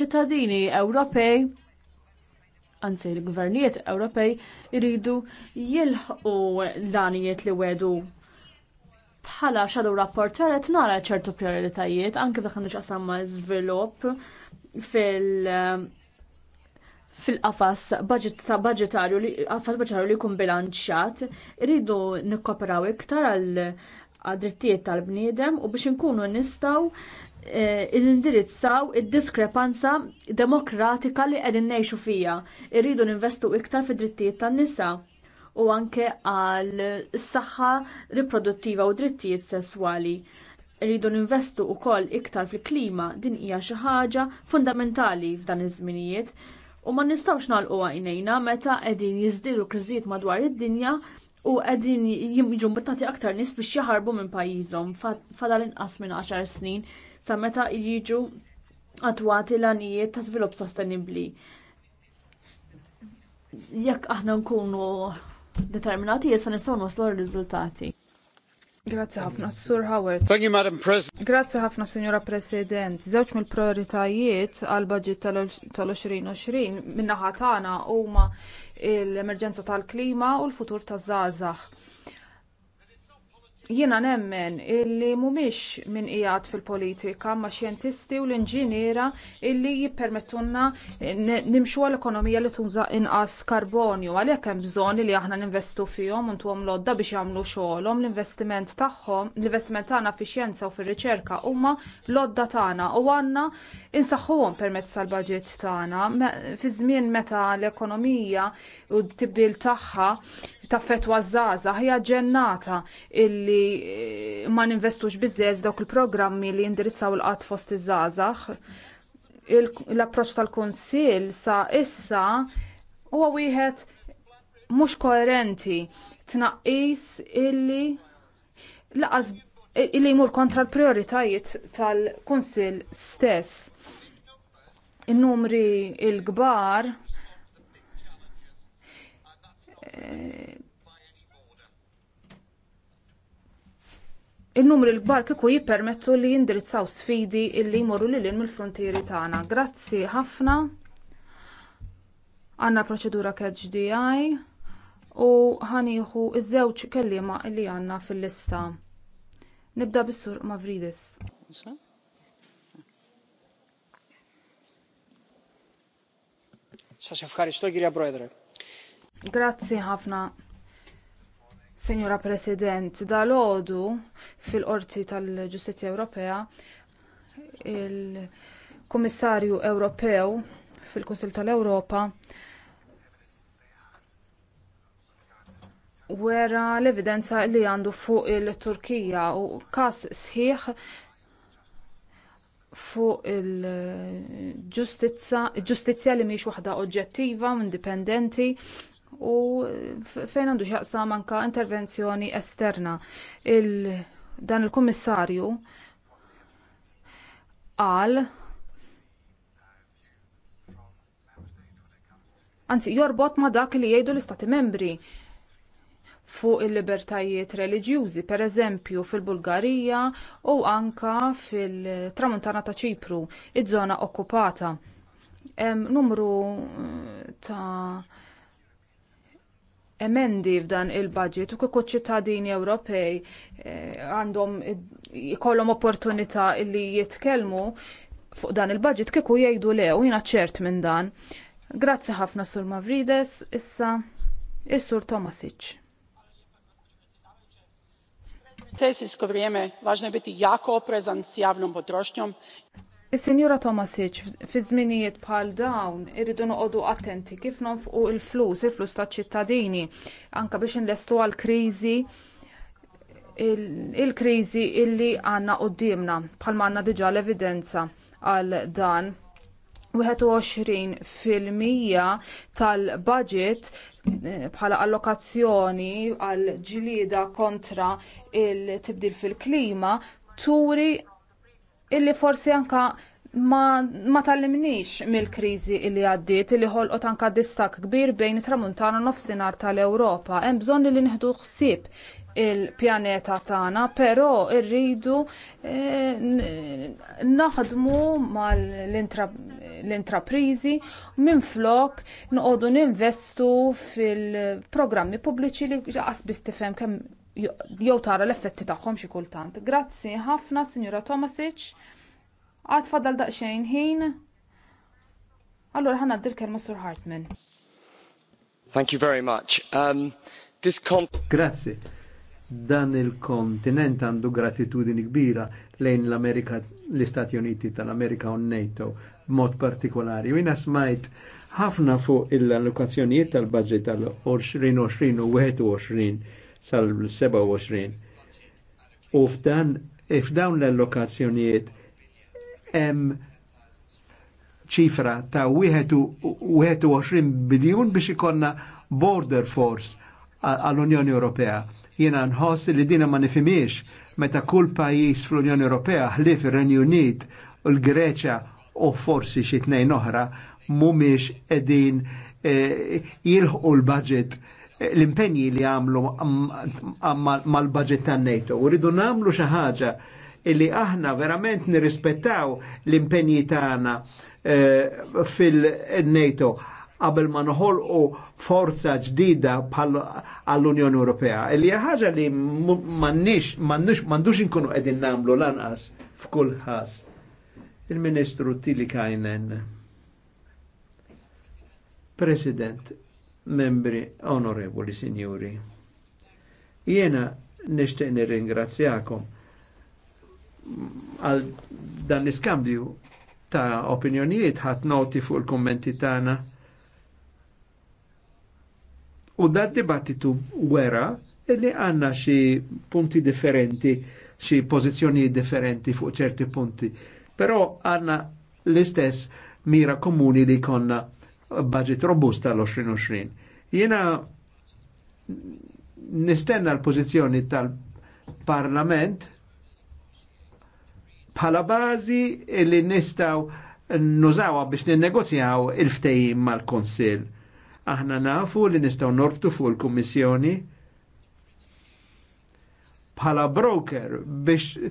ċittadini Ewropej anzi l-gvernijiet Ewropej iridu jilħqu danijiet li wedu bħala xadu rapporter qed nara ċertu prioritajiet anke f'dak għandu x'qasam ma' żvilupp fil- fil-qafas budgetarju li qafas budgetarju li jkun bilanċjat irridu nikkoperaw iktar għal drittijiet tal-bniedem u biex inkunu nistgħu Eh, indirizzaw id-diskrepanza demokratika li qegħdin ngħixu fiha. Irridu ninvestu iktar fid-drittijiet tan-nisa u anke għal s-saħħa riproduttiva u drittijiet sesswali. Irridu ninvestu wkoll iktar fil-klima din hija xi ħaġa fundamentali f'dan iż-żminijiet u ma nistgħux nagħlqu għajnejna meta qegħdin jiżdiedu kriżijiet madwar id-dinja u qegħdin jiġu mbittati aktar nies biex jaħarbu minn pajjiżhom fadal inqas minn 10 snin sa meta jiġu attwati l-għanijiet ta' żvilupp sostenibbli. Jekk aħna nkunu determinati jessa nistgħu naslu r-riżultati. Grazzi ħafna, Sur Howard. Thank you, Madam President. Grazzi ħafna, Signora President. Żewġ mill-prioritajiet għal budget tal-2020 minnaħa tagħna huma l-emerġenza tal-klima u l-futur taż-żgħażagħ Jiena nemmen illi mhumiex min qiegħed fil-politika ma' xjentisti u l-inġiniera illi jippermettulna nimxu l ekonomija li tuża inqas karbonju għalhekk hemm bżonn li aħna ninvestu fihom u ntuhom lodda biex jagħmlu xogħolhom l-investiment tagħhom l-investiment tagħna fix-xjenza u fir-riċerka huma lodda tagħna u għandna insaħħuhom permezz tal-baġit tagħna fi żmien meta l-ekonomija u t-tibdil tagħha taffetwa żgħażagħ hija ġennata illi Eh, ma ninvestux biżżejjed f'dawk il-programmi li jindirizzaw il-qatt fost iż-żgħażagħ. L-approċċ tal-Kunsill sa issa huwa wieħed mhux koerenti tnaqqis illi laqas illi jmur kontra l-prioritajiet tal-Kunsill stess. In-numri l-kbar eh, il-numri l-kbar kieku jippermettu li jindirizzaw sfidi illi jmorru lil hinn mill-frontieri tagħna. Grazzi ħafna. Għandna proċedura catch DI u ħanieħu iż-żewġ kelliema li għandna fil-lista. Nibda bis-sur Mavridis. Grazzi ħafna. Signora President, dal-ħodu fil-Qorti tal-Ġustizja Ewropea il-Kummissarju Ewropew fil-Kunsil tal-Ewropa wera l-evidenza li għandu fuq il-Turkija u każ sħiħ fuq il-ġustizzja li mhix waħda oġġettiva u indipendenti u fejn għandu xaqsa anke intervenzjoni esterna. Il dan il-kummissarju għal anzi jorbot ma' dak li jgħidu l-istati membri fuq il-libertajiet reliġjużi pereżempju fil-Bulgarija u anke fil-Tramuntana ta' Ċipru, id żona okkupata. numru eh, ta' emendi f'dan il-budget u kieku ċittadini Ewropej eh, għandhom jikollhom opportunità li jitkellmu fuq dan il-budget kieku jgħidu le u jina ċert minn dan. Grazzi ħafna Sur Mavrides, issa is-Sur Tomasic. Recesijsko vrijeme važno biti jako oprezan potrošnjom Is-Sinjura Tomasic, fi żminijiet bħal dawn irridu noqogħdu attenti kif nonfqu l-flus, il-flus taċ-ċittadini, anke biex inlestu għall kriżi il-kriżi illi għandna qudiemna bħalma għandna diġà l-evidenza għal dan. 21 fil-mija tal-budget eh, bħala allokazzjoni għal ġlieda kontra il-tibdil fil-klima turi illi forsi anka ma, ma tallimniex mill-kriżi li għaddiet illi ħolqot anka distak kbir bejn it-tramuntana nofsinhar tal-Ewropa. Hemm bżonn li nieħdu ħsieb il-pjaneta tagħna, però rridu eh, naħdmu mal-intraprizi minflok noqogħdu ninvestu fil-programmi pubbliċi li qasbis tifhem kemm jew tara l-effetti tagħhom xi kultant. Grazzi ħafna Sinjura Tomasic. Għad fadal daqsxejn ħin. Allura ħanna ddir Mr. Hartman. Thank you very much. Um, this Grazzi. Dan il-kontinent għandu gratitudini kbira lejn l-Amerika, l-Istati Uniti tal-Amerika u NATO b'mod partikolari. U jina smajt ħafna fuq il-allokazzjonijiet tal-budget tal-2020 u 21 sal-27. U f'dan f'dawn l-allokazzjonijiet hemm ċifra ta' 21 biljun biex ikonna border force għall-Unjoni Ewropea. Jiena nħoss li dina ma nifimiex meta kull pajjiż fl-Unjoni Ewropea ħlif il renju Unit, l greċa u forsi xi tnejn oħra mhumiex qegħdin eh, jilħqu l-budget l-impenji li għamlu mal-budget tan NATO. U rridu namlu xaħġa illi aħna verament nirrispettaw l-impenji tagħna eh, fil-NATO qabel ma noħolqu forza ġdida għall-Unjoni Ewropea. Illi ħaġa li m'għandniex m'għandux inkunu qegħdin nagħmlu lanqas f'kull ħas. Il-Ministru Tili Kajnen. President, membri onorevoli signori. Jena nishtiq nirringrazzjakom għal dan l-iskambju ta' opinjonijiet ħat noti fuq il-kommenti tagħna. U dat dibattitu wera li għanna xi punti differenti, xi pożizzjonijiet differenti fuq ċerti punti. Però għanna l-istess mira komuni li konna budget robust tal-2020. Jena nistenna l-pozizjoni tal-Parlament bħala bażi li nistaw nużawa biex ninnegozjaw il-ftejim mal-Konsil. Aħna nafu li nistaw norbtu fuq il-Kummissjoni bħala broker biex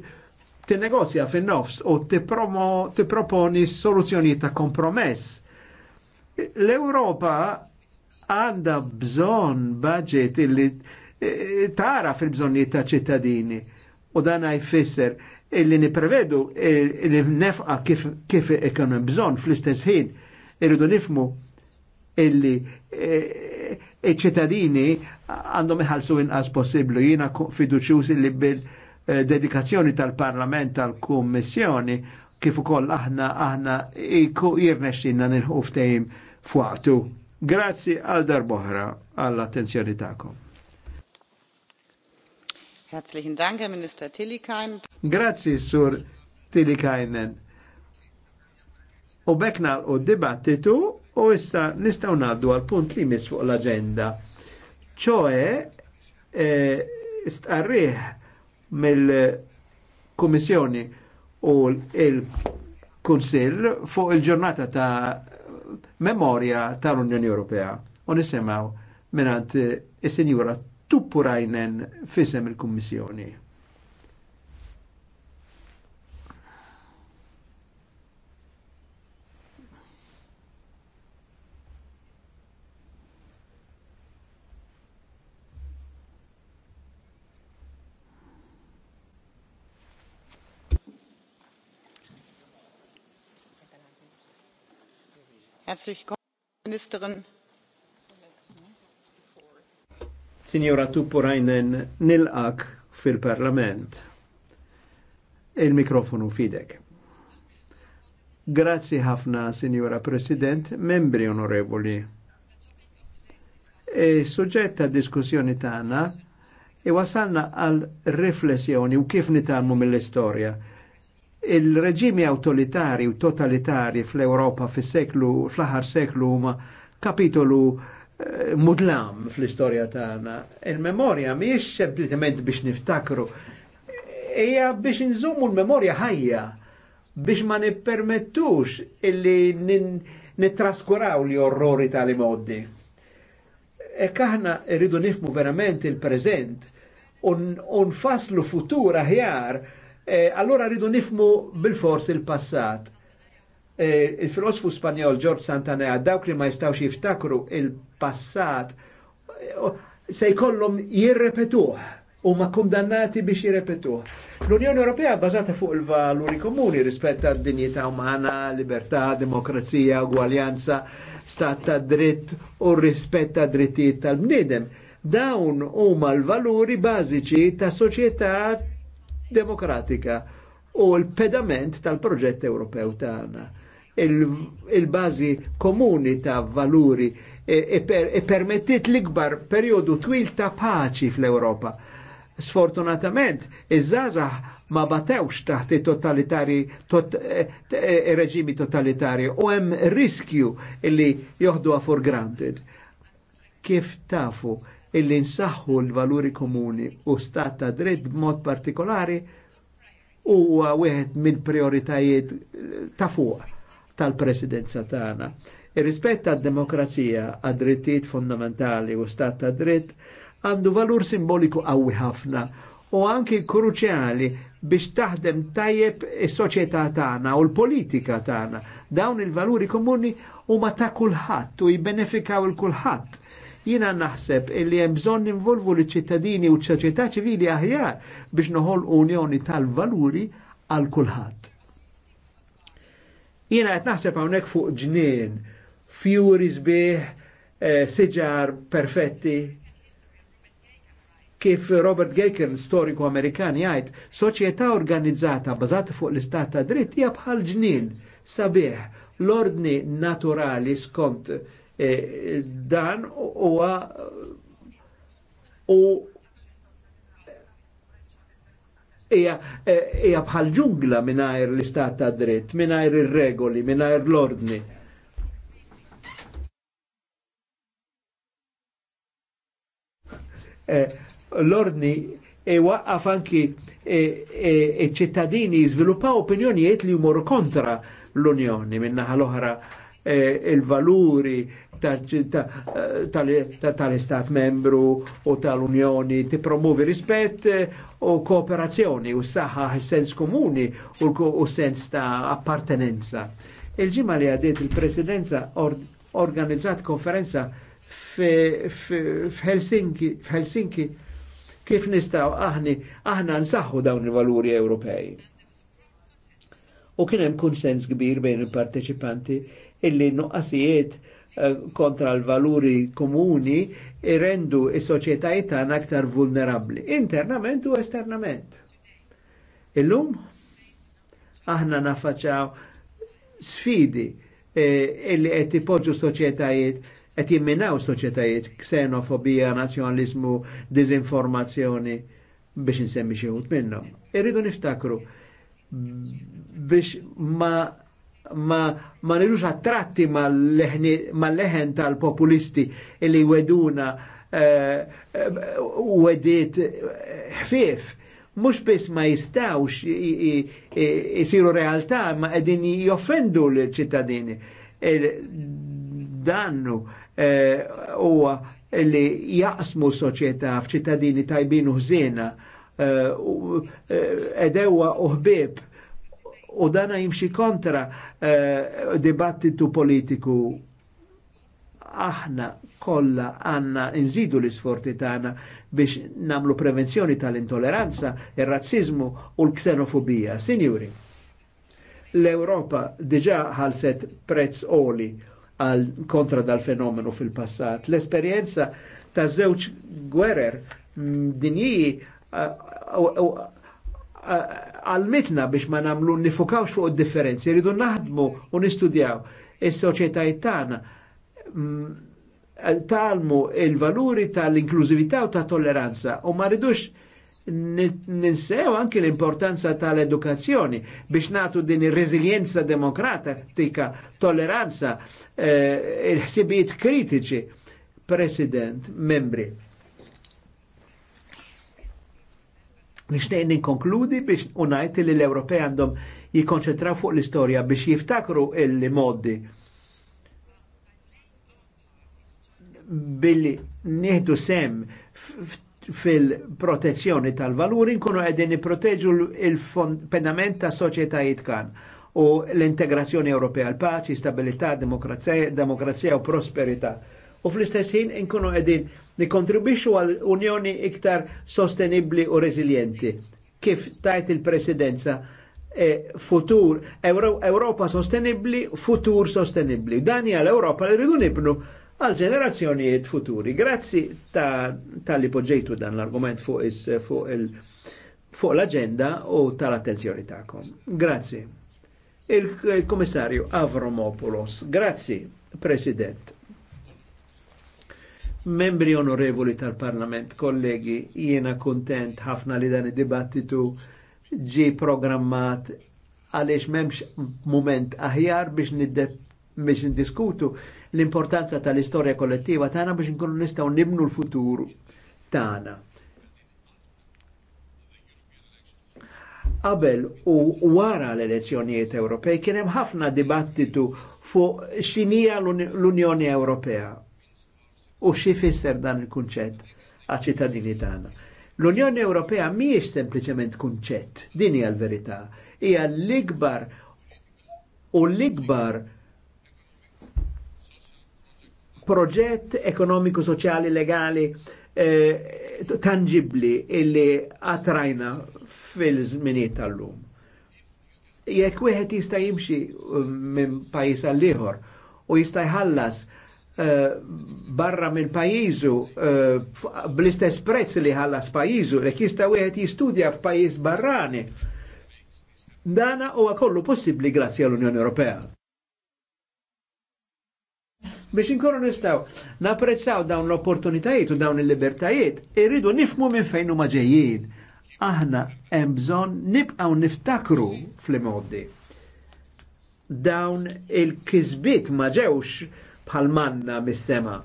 tinnegozja fin-nofs u t-proponi soluzzjoni ta' kompromess L-Europa għanda bżon budget illi e, e, tara fil-bżonniet ta' ċittadini u dan jfisser illi niprevedu e, illi nefqa kif, kif ekonom bżon fl-istess ħin irridu nifmu illi iċ-ċittadini għandhom iħalsu inqas possiblu jina fiduċjuż illi bil-dedikazzjoni tal-Parlament tal-Kummissjoni kif ukoll aħna aħna jirnexxinna nilħu ftehim fuqtu. Grazzi għal darboħra għall-attenzjoni tagħkom. Herzlichen Dank, Herr Minister Tillikain. Grazzi, Sur Tillikainen. U o u dibattitu u issa nistaw naddu għal punt li mis fuq l-agenda. ċoe, e, mill-Komissjoni u il konsil fuq il-ġurnata ta' memorja tal-Unjoni Ewropea u nisimgħu mingħand is-Sinjura Tuppurajnen fisem il-Kummissjoni. Herzlich willkommen, Ministerin. Signora Tupurajnen, nilqak fil-Parlament. Il-mikrofonu fidek. Grazzi ħafna, Signora President, membri onorevoli. E Suġġett ta' diskussjoni tagħna iwasalna e għal riflessjoni u kif nitalmu mill-istorja Il-reġimi autoritari u totalitari fl-Europa fis-seklu, fl-aħħar seklu huma kapitolu eh, mudlam fl-istorja tagħna. Il-memorja mhijiex sempliċement biex niftakru, hija biex nżummu l-memorja ħajja biex ma nippermettux illi nittraskuraw li orrori tal moddi. E aħna irridu nifmu verament il prezent un, un faslu futur aħjar Eh, allora rridu nifmu bil-fors il-passat. Eh, il-filosofu spanjol George Santanea dawk li ma jistawx jiftakru il-passat eh, se jkollhom jirrepetuh u ma kundannati biex jirrepetuh. L-Unjoni Ewropea bbażata fuq il-valuri komuni rispett għad dinjità umana, libertà, demokrazija, ugwaljanza, stat ta' dritt u rispett ta' drittijiet tal-bniedem. Dawn huma l-valuri bażiċi ta' soċjetà demokratika u l-pedament tal-proġett Ewropew tagħna. Il-bażi komuni ta' valuri e-, e-, e, permettit l-ikbar periodu twil ta' paċi fl-Ewropa. Sfortunatament, iż-żazax ma batewx taħt totalitari tot, e-, e reġimi totalitari u hemm riskju li joħdu for granted. Kif tafu illi nsaħħu l-valuri komuni u stat ta' dritt b'mod partikolari huwa wieħed mill-prioritajiet eh, ta' fuq tal-presidenza tagħna. Ir-rispett tad-demokrazija għad-drittijiet fondamentali u stat ta' dritt għandu valur simboliku qawwi ħafna u anki kruċjali biex taħdem tajjeb is-soċjetà tagħna u l-politika tagħna. Dawn il-valuri komuni huma ta' kulħadd u jibbenefikaw il-kulħadd. Jina naħseb illi hemm bżonn involvu l-ċittadini u ċ-soċjetà ċivili aħjar biex noħol unjoni tal-valuri għal kulħadd. Jina qed naħseb hawnhekk fuq ġnien, fjuri sbieħ, eh, siġar perfetti, kif Robert Gaker, storiku Amerikan, jgħid, soċjetà organizzata bażata fuq l-istat ta' dritt hija bħal ġnien sabiħ l-ordni naturali skont Eh, dan huwa u eh, hija bħal ġungla mingħajr l-istat ta' dritt, mingħajr ir-regoli, mingħajr l-ordni. Eh, l-ordni iwaqqaf anki iċ-ċittadini jiżviluppaw opinjonijiet li jmorru kontra l-Unjoni minnaħa l-oħra il-valuri, tal-Istat membru u tal-Unjoni ti promuvi rispett eh, u kooperazzjoni u saħħa sens komuni u sens ta' appartenenza. Il-ġimma li għadiet il-presidenza organizzat konferenza f'Helsinki kif nistaw aħni aħna nsaħħu dawn il-valuri Ewropej. U kien hemm kunsens kbir bejn il-parteċipanti illi nuqqasijiet no Eh, kontra l-valuri komuni irrendu is-soċjetajiet tagħna aktar vulnerabbli, internament u esternament. Illum aħna nafaċaw sfidi eh, illi qed ipoġġu soċjetajiet qed jimminaw soċjetajiet ksenofobija, nazzjonalizmu, dizinformazzjoni biex insemmi xi minnhom. Irridu niftakru biex ma ma, ma nirux attratti mal-leħen tal-populisti illi weduna eh, eh, wedit eh, ħfif. Mux biss ma jistawx jisiru realtà ma għedin joffendu l-ċittadini. Dannu huwa li jaqsmu soċjetà f'ċittadini tajbin uħżina edewa uħbib u dana jimxi kontra uh, dibattitu politiku aħna kolla għanna nżidu l-isforti tagħna biex namlu prevenzjoni tal intoleranza ir-razzizmu u l-ksenofobija. Sinjuri, l-Europa diġa ħalset prezz oli għal kontra dal-fenomenu fil-passat. L-esperjenza ta' żewġ gwerer dinji għalmitna biex ma namlu nifukawx fuq differenzi, rridu naħdmu u nistudjaw is-soċjetajiet tagħna mm, talmu il-valuri tal-inklużività u ta' tolleranza u ma rridux ninsew anki l-importanza tal-edukazzjoni biex natu din ir-reżiljenza demokratika, tolleranza, eh, il-ħsibijiet kritiċi. President, membri, Nixtejn ninkonkludi biex unajt li l-Ewropej għandhom jikonċentra fuq l-istorja biex jiftakru il modi billi nieħdu sem fil-protezzjoni tal-valuri nkunu qegħdin nipproteġu il-fondament ta' soċjetajiet kan u l-integrazzjoni Ewropea l-paċi, stabilità, demokrazija u prosperità u fl-istess ħin inkunu qegħdin nikontribixxu għal Unjoni iktar sostenibbli u reżiljenti. Kif tajt il-Presidenza E futur, Europa sostenibli, futur sostenibli. Dani għal-Europa li rridu nibnu għal ġenerazzjonijiet futuri. Grazzi tal-li ta poġġejtu dan l-argument fuq l-agenda u tal-attenzjoni ta'kom. Grazzi. Il-Komissarju Avromopoulos, grazzi, President. Membri onorevoli tal-Parlament, kollegi, jiena kontent ħafna li dan id-dibattitu ġi programmat għaliex memx moment aħjar biex biex l-importanza tal-istorja kollettiva tagħna biex nkunu nistgħu nibnu l-futur tagħna. Qabel u wara l-elezzjonijiet Ewropej kien hemm ħafna dibattitu fuq x'inija l-Unjoni Ewropea u xi fisser dan il-kunċett għaċ-ċittadini tagħna. L-Unjoni Ewropea mhijiex sempliċement kunċett, din hija l-verità, hija l-ikbar u l-ikbar proġett ekonomiku, soċjali, legali eh, tangibli illi għatrajna fil-żminiet tal-lum. Jekk wieħed jista' jimxi eh, minn pajjiż għall ieħor u jista' jħallas Eh, barra mill pajizu eh, bl-istess prezz li ħallas pajizu, li jista' wieħed jistudja f'pajjiż barrani. Dana huwa kollu possibbli grazzi għall-Unjoni Ewropea. Biex inkunu nistaw napprezzaw dawn l-opportunitajiet u dawn il-libertajiet, irridu nifmu minn fejn huma ġejjin. Aħna hemm bżonn nibqgħu niftakru fl-imoddi. Dawn il-kisbiet ma ġewx bħal manna mis-sema.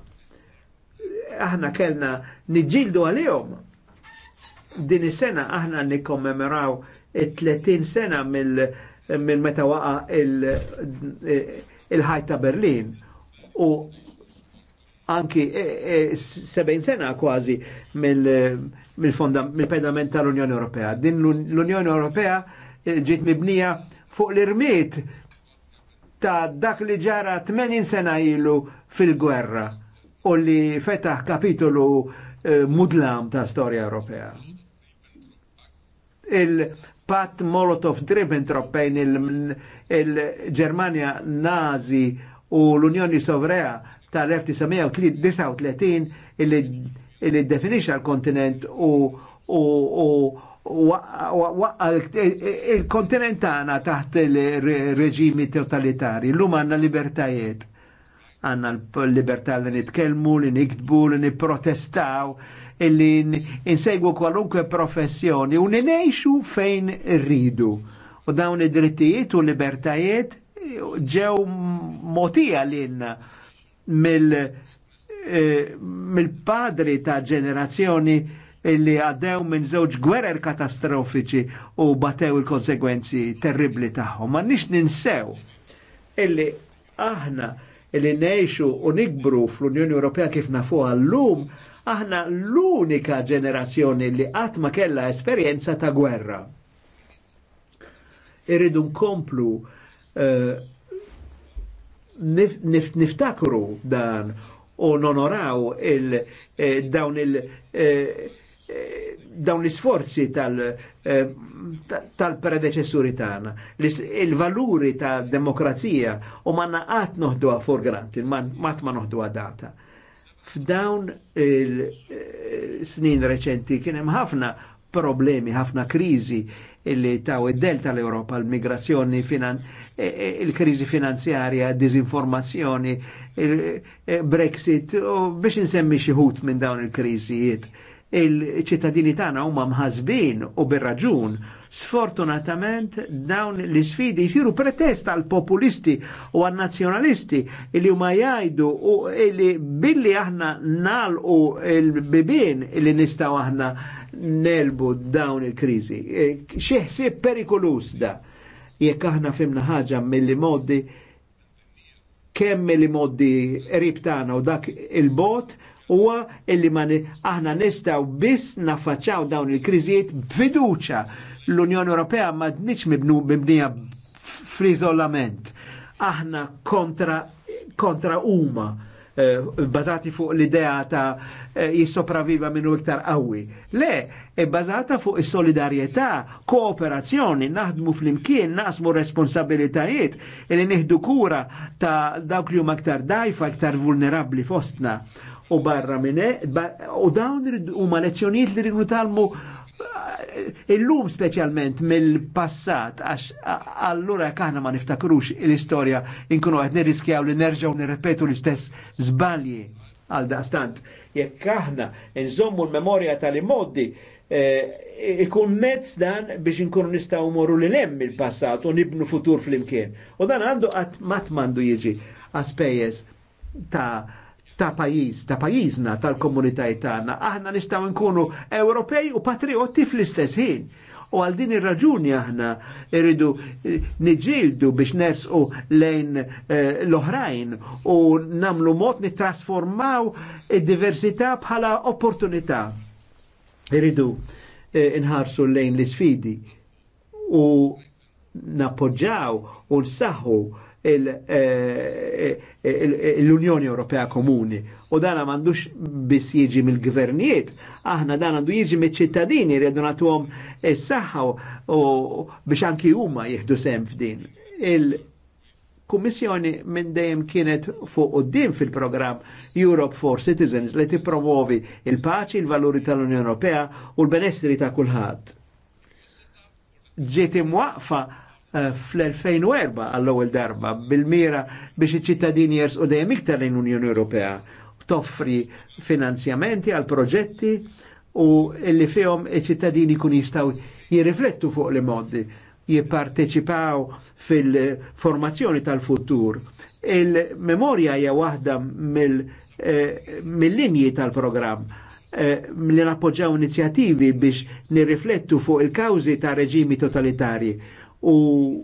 Aħna kellna niġġieldu għalihom. Din is-sena aħna nikkommemoraw it-30 sena mill minn meta waqa il ħajt ta' Berlin u anki 70 e, e, sena kważi mill-pedament tal-Unjoni Ewropea. Din l-Unjoni Ewropea e, ġiet mibnija fuq l-irmiet ta' dak li ġara 80 sena ilu fil-gwerra u li fetaħ kapitolu uh, mudlam ta' storja Ewropea. Il-pat Molotov Ribbentrop il-Germania il Nazi u l-Unjoni Sovrea tal-1939 illi li definisha l-kontinent u, u, u il-kontinentana taħt il-reġimi totalitari, l-lum għanna libertajiet. Għanna l-libertà li nitkelmu, li niktbu, li niprotestaw, li insegwu kwalunkwe professjoni u ninejxu fejn rridu. U dawn id-drittijiet u libertajiet ġew motija l-inna eh, mill-padri ta' ġenerazzjoni illi għaddew minn żewġ gwerer katastrofiċi u batew il-konsegwenzi terribli tagħhom. Ma nix ninsew illi aħna illi neħxu u nikbru fl-Unjoni Ewropea kif nafu llum, aħna l-unika ġenerazzjoni li qatt ma kellha esperjenza ta' gwerra. Irridu nkomplu uh, niftakru dan u nonoraw il, eh, dawn il, eh, dawn l-isforzi eh, tal-predeċessuri tal tagħna, il-valuri ta' demokrazija u ma naqat noħduha forgrant, mat ma noħduha data. F'dawn il-snin eh, reċenti kien hemm ħafna problemi, ħafna kriżi li taw id-del tal-Europa, l-migrazzjoni, eh, il-krizi finanzjarja, dizinformazzjoni, il-Brexit, biex nsemmi xi ħut minn dawn il-kriżijiet il-ċittadini tagħna huma mħasbin u bir-raġun. Sfortunatament dawn l-isfidi jisiru pretest għal populisti u għal nazjonalisti li huma jgħidu u li billi aħna nalqu l bibin li nistgħu aħna nelbu dawn il-kriżi. E, xi ħsieb perikolus da jekk aħna fimna ħaġa mill-li modi kemm li moddi rib tagħna u dak il-bot huwa illi ma aħna nistaw biss naffaċċaw dawn il-kriżijiet b'fiduċja. L-Unjoni Ewropea ma tniċ mibnija fl-iżolament. Aħna kontra kontra huma eh, bazati fuq l-idea ta' eh, jissopraviva minnu iktar qawwi. Le, e bazata fuq is-solidarjetà, kooperazzjoni, naħdmu fl-imkien, naqsmu responsabilitajiet, li nieħdu kura ta' dawk li huma iktar dajfa, iktar vulnerabli fostna u barra minne, u dawn huma lezzjoniet li rridu talmu eh, illum specialment mill-passat, għax allura kħana ma niftakrux l-istoria inkunu għed nirriskjaw li nerġaw nirrepetu l-istess zbalji għal daqstant. Jekk kħana nżommu l-memoria tal-immoddi, eh, ikun mezz dan biex inkunu nistaw moru li lem il-passat u nibnu futur fl-imkien. U dan għandu għat matmandu jieġi għaspejjes ta' ta' pajjiż, ta' pajjiżna, tal-komunitajiet tagħna. Aħna nistgħu nkunu Ewropej u patrioti fl-istess ħin. U għal din ir-raġuni aħna irridu eh, niġildu biex nersqu lejn eh, l-oħrajn u namlu mod nittrasformaw id-diversità bħala opportunità. Irridu eh, inħarsu lejn l-sfidi u nappoġġaw u nsaħħu Eh, eh, eh, l-Unjoni Ewropea Komuni. U dan għandux biss jiġi mill-gvernijiet, aħna dan għandu jiġi mill-ċittadini rridu nagħtuhom is s-saxħaw biex anki huma jieħdu sem f'din. Il-Kummissjoni minn dejjem kienet fuq din fil-programm Europe for Citizens li tippromovi il-paċi, il-valuri tal-Unjoni Ewropea u l-benessri ta' kulħadd. Ġiet imwaqfa Eh, fl-2004 għall-ewwel darba bil-mira biex iċ-ċittadini jersqu dejjem iktar lejn Unjoni Ewropea. Toffri finanzjamenti għal proġetti u li fihom iċ-ċittadini kun jistgħu jirriflettu fuq li modi jipparteċipaw fil-formazzjoni tal-futur. Il-memorja hija waħda eh, mill-linji tal-programm eh, li nappoġġaw inizjattivi biex nirriflettu fuq il-kawżi ta' reġimi totalitarji u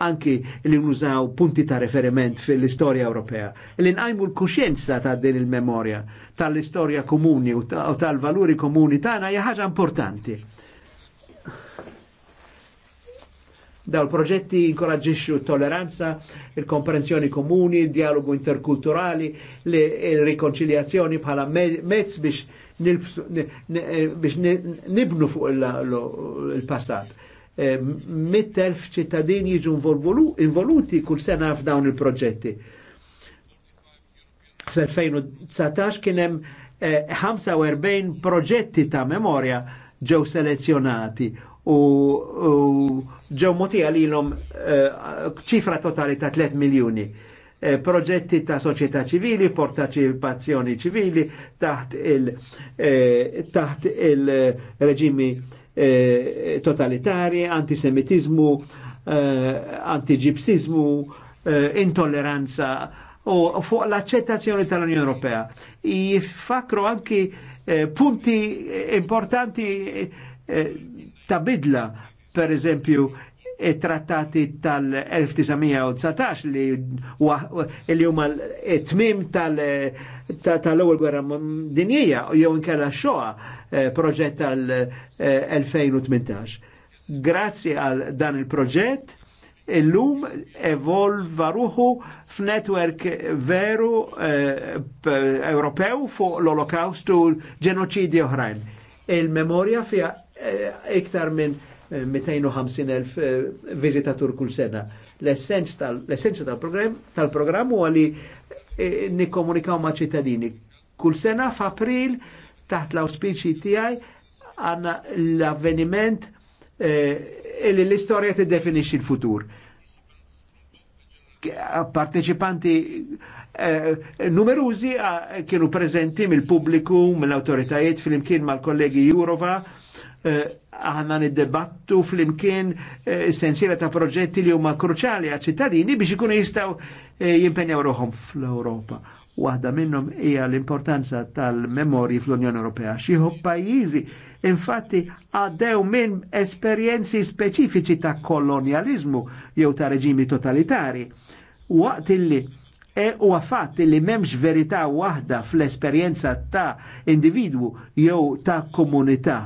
anki li nużaw punti ta' referiment fil istoria Ewropea. Li nqajmu l-kuxjenza ta' din il memoria tal istoria komuni u tal-valuri komuni tagħna hija ħaġa importanti. Daw l-proġetti inkoraġġixxu t-toleranza, il-komprensjoni komuni, il-dialogu interkulturali, il-rikonċiljazzjoni bħala mezz biex nibnu fuq il-passat. Eh, mittelf ċittadin jiġu involuti kull sena f'dawn il-proġetti. Fl-2019 kienem 45 proġetti ta' memoria ġew selezzjonati u ġew moti għalilom eh, ċifra totali ta' 3 miljoni. Eh, proġetti ta' soċjetà ċivili, portaċipazzjoni ċivili taħt il-reġimi eh, il eh, antisemitizmu, eh, antiġipsizmu, eh, intolleranza u fuq l-accettazzjoni tal-Unjoni Ewropea. Jifakru anki eh, punti importanti eh, ta' bidla, per eżempju, trattati tal-1919 li li huma tmim tal-ewwel gwerra dinjija jew inkella xoa eh, proġett tal-2018. Grazzi għal dan il-proġett illum evolva ruħu f'netwerk veru eh, Ewropew fuq l-Olokaustu ġenoċidi oħrajn. Il-memorja fija eh, iktar minn 250.000 eh, vizitatur kull sena. L-essenza tal program tal tal u li e, nikkomunikaw ma' ċittadini. Kull sena f'April taħt l auspici tijaj għandna l-avveniment e, illi l-istorja tiddefinixxi l-futur. Partecipanti eh, numerużi kienu prezenti mill-pubbliku, mill-autoritajiet fil-imkien mal-kollegi Jurova, aħna niddebattu fl-imkien e, ta' proġetti li huma kruċali għal ċittadini biex ikunu jistgħu eh, jimpenjaw ruħom fl europa Waħda minnhom hija l-importanza tal-memorji fl-Unjoni Ewropea. Xi pajjiżi infatti għaddew minn esperjenzi speċifiċi ta' kolonializmu jew ta' reġimi totalitari. Waqt illi E u għafat li memx verità wahda fl-esperienza ta' individwu jew ta' komunità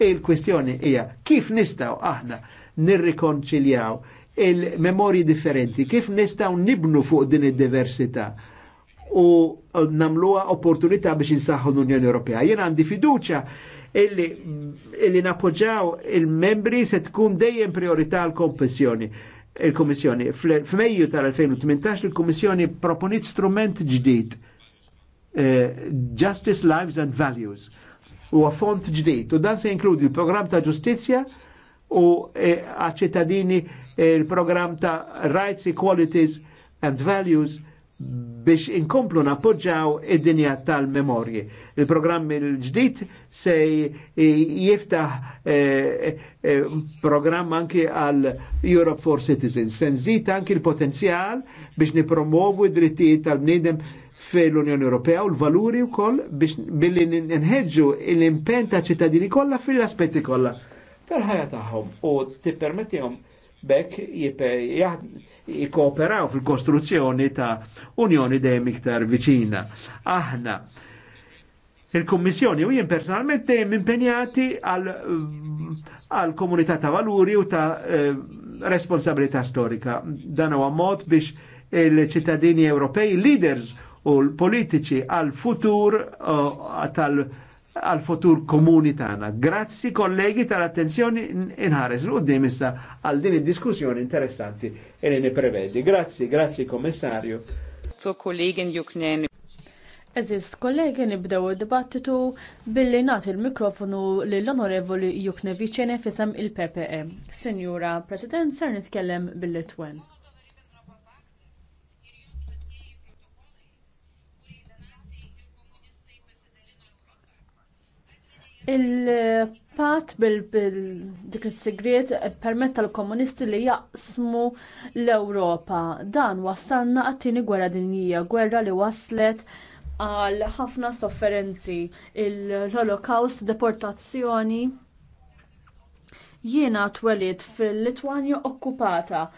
Il-kwistjoni hija kif nistgħu aħna nirrikonċiljaw il-memorji differenti, kif nistgħu nibnu fuq din id-diversità u namluha opportunità biex insaħħu l-Unjoni Ewropea. Jien għandi fiduċja illi, illi napoġġaw il-membri se tkun dejjem priorità l kompessjoni il-Komissjoni. F'Mejju tal-2018 il-Komissjoni proponit strument ġdid, uh, Justice, Lives and Values, u font ġdid. U dan se jinkludi l-programm ta' ġustizzja u e, għal-ċittadini il-programm e, ta' Rights, Equalities and Values biex inkomplu nappoġġaw id-dinja tal-memorji. Il-programm il-ġdid se jiftaħ eh, eh, programm anki għal Europe for Citizens. Se anki l-potenzjal biex nipromovu id-drittijiet tal bnidem fej l-Unjoni Ewropea u l-valuri wkoll biex billi nħeġġu l-impenn ta' ċittadini kollha fil-aspetti kollha tal-ħajja tagħhom u tippermettihom bekk jikkooperaw fil-kostruzzjoni ta' Unjoni dejjem iktar viċina. Aħna il-Kommissjoni u jien personalment dejjem impenjati għal komunità ta' valuri u ta' eh, responsabilità storika. Dan huwa mod biex il-ċittadini Ewropej, leaders u l-politiċi għal-futur għal-futur komuni tagħna. Grazzi kollegi tal-attenzjoni inħares l qudiem issa għal din id-diskussjoni interessanti li niprevedi. Grazzi, grazzi kommissarju. So kollegin juknen. Eżis, kollegi nibdew id-dibattitu billi nagħti il mikrofonu lill-Onorevoli Juknevicene fisem il-PPE. Sinjura President, ser nitkellem bil-Litwen. Il-pat bil-dik il-segret permetta l-komunisti li jaqsmu l-Europa. Dan wassalna għattini gwerra dinjija, gwerra li waslet għal ħafna sofferenzi, il-Holocaust, deportazzjoni jiena twelid fil-Litwanja okkupata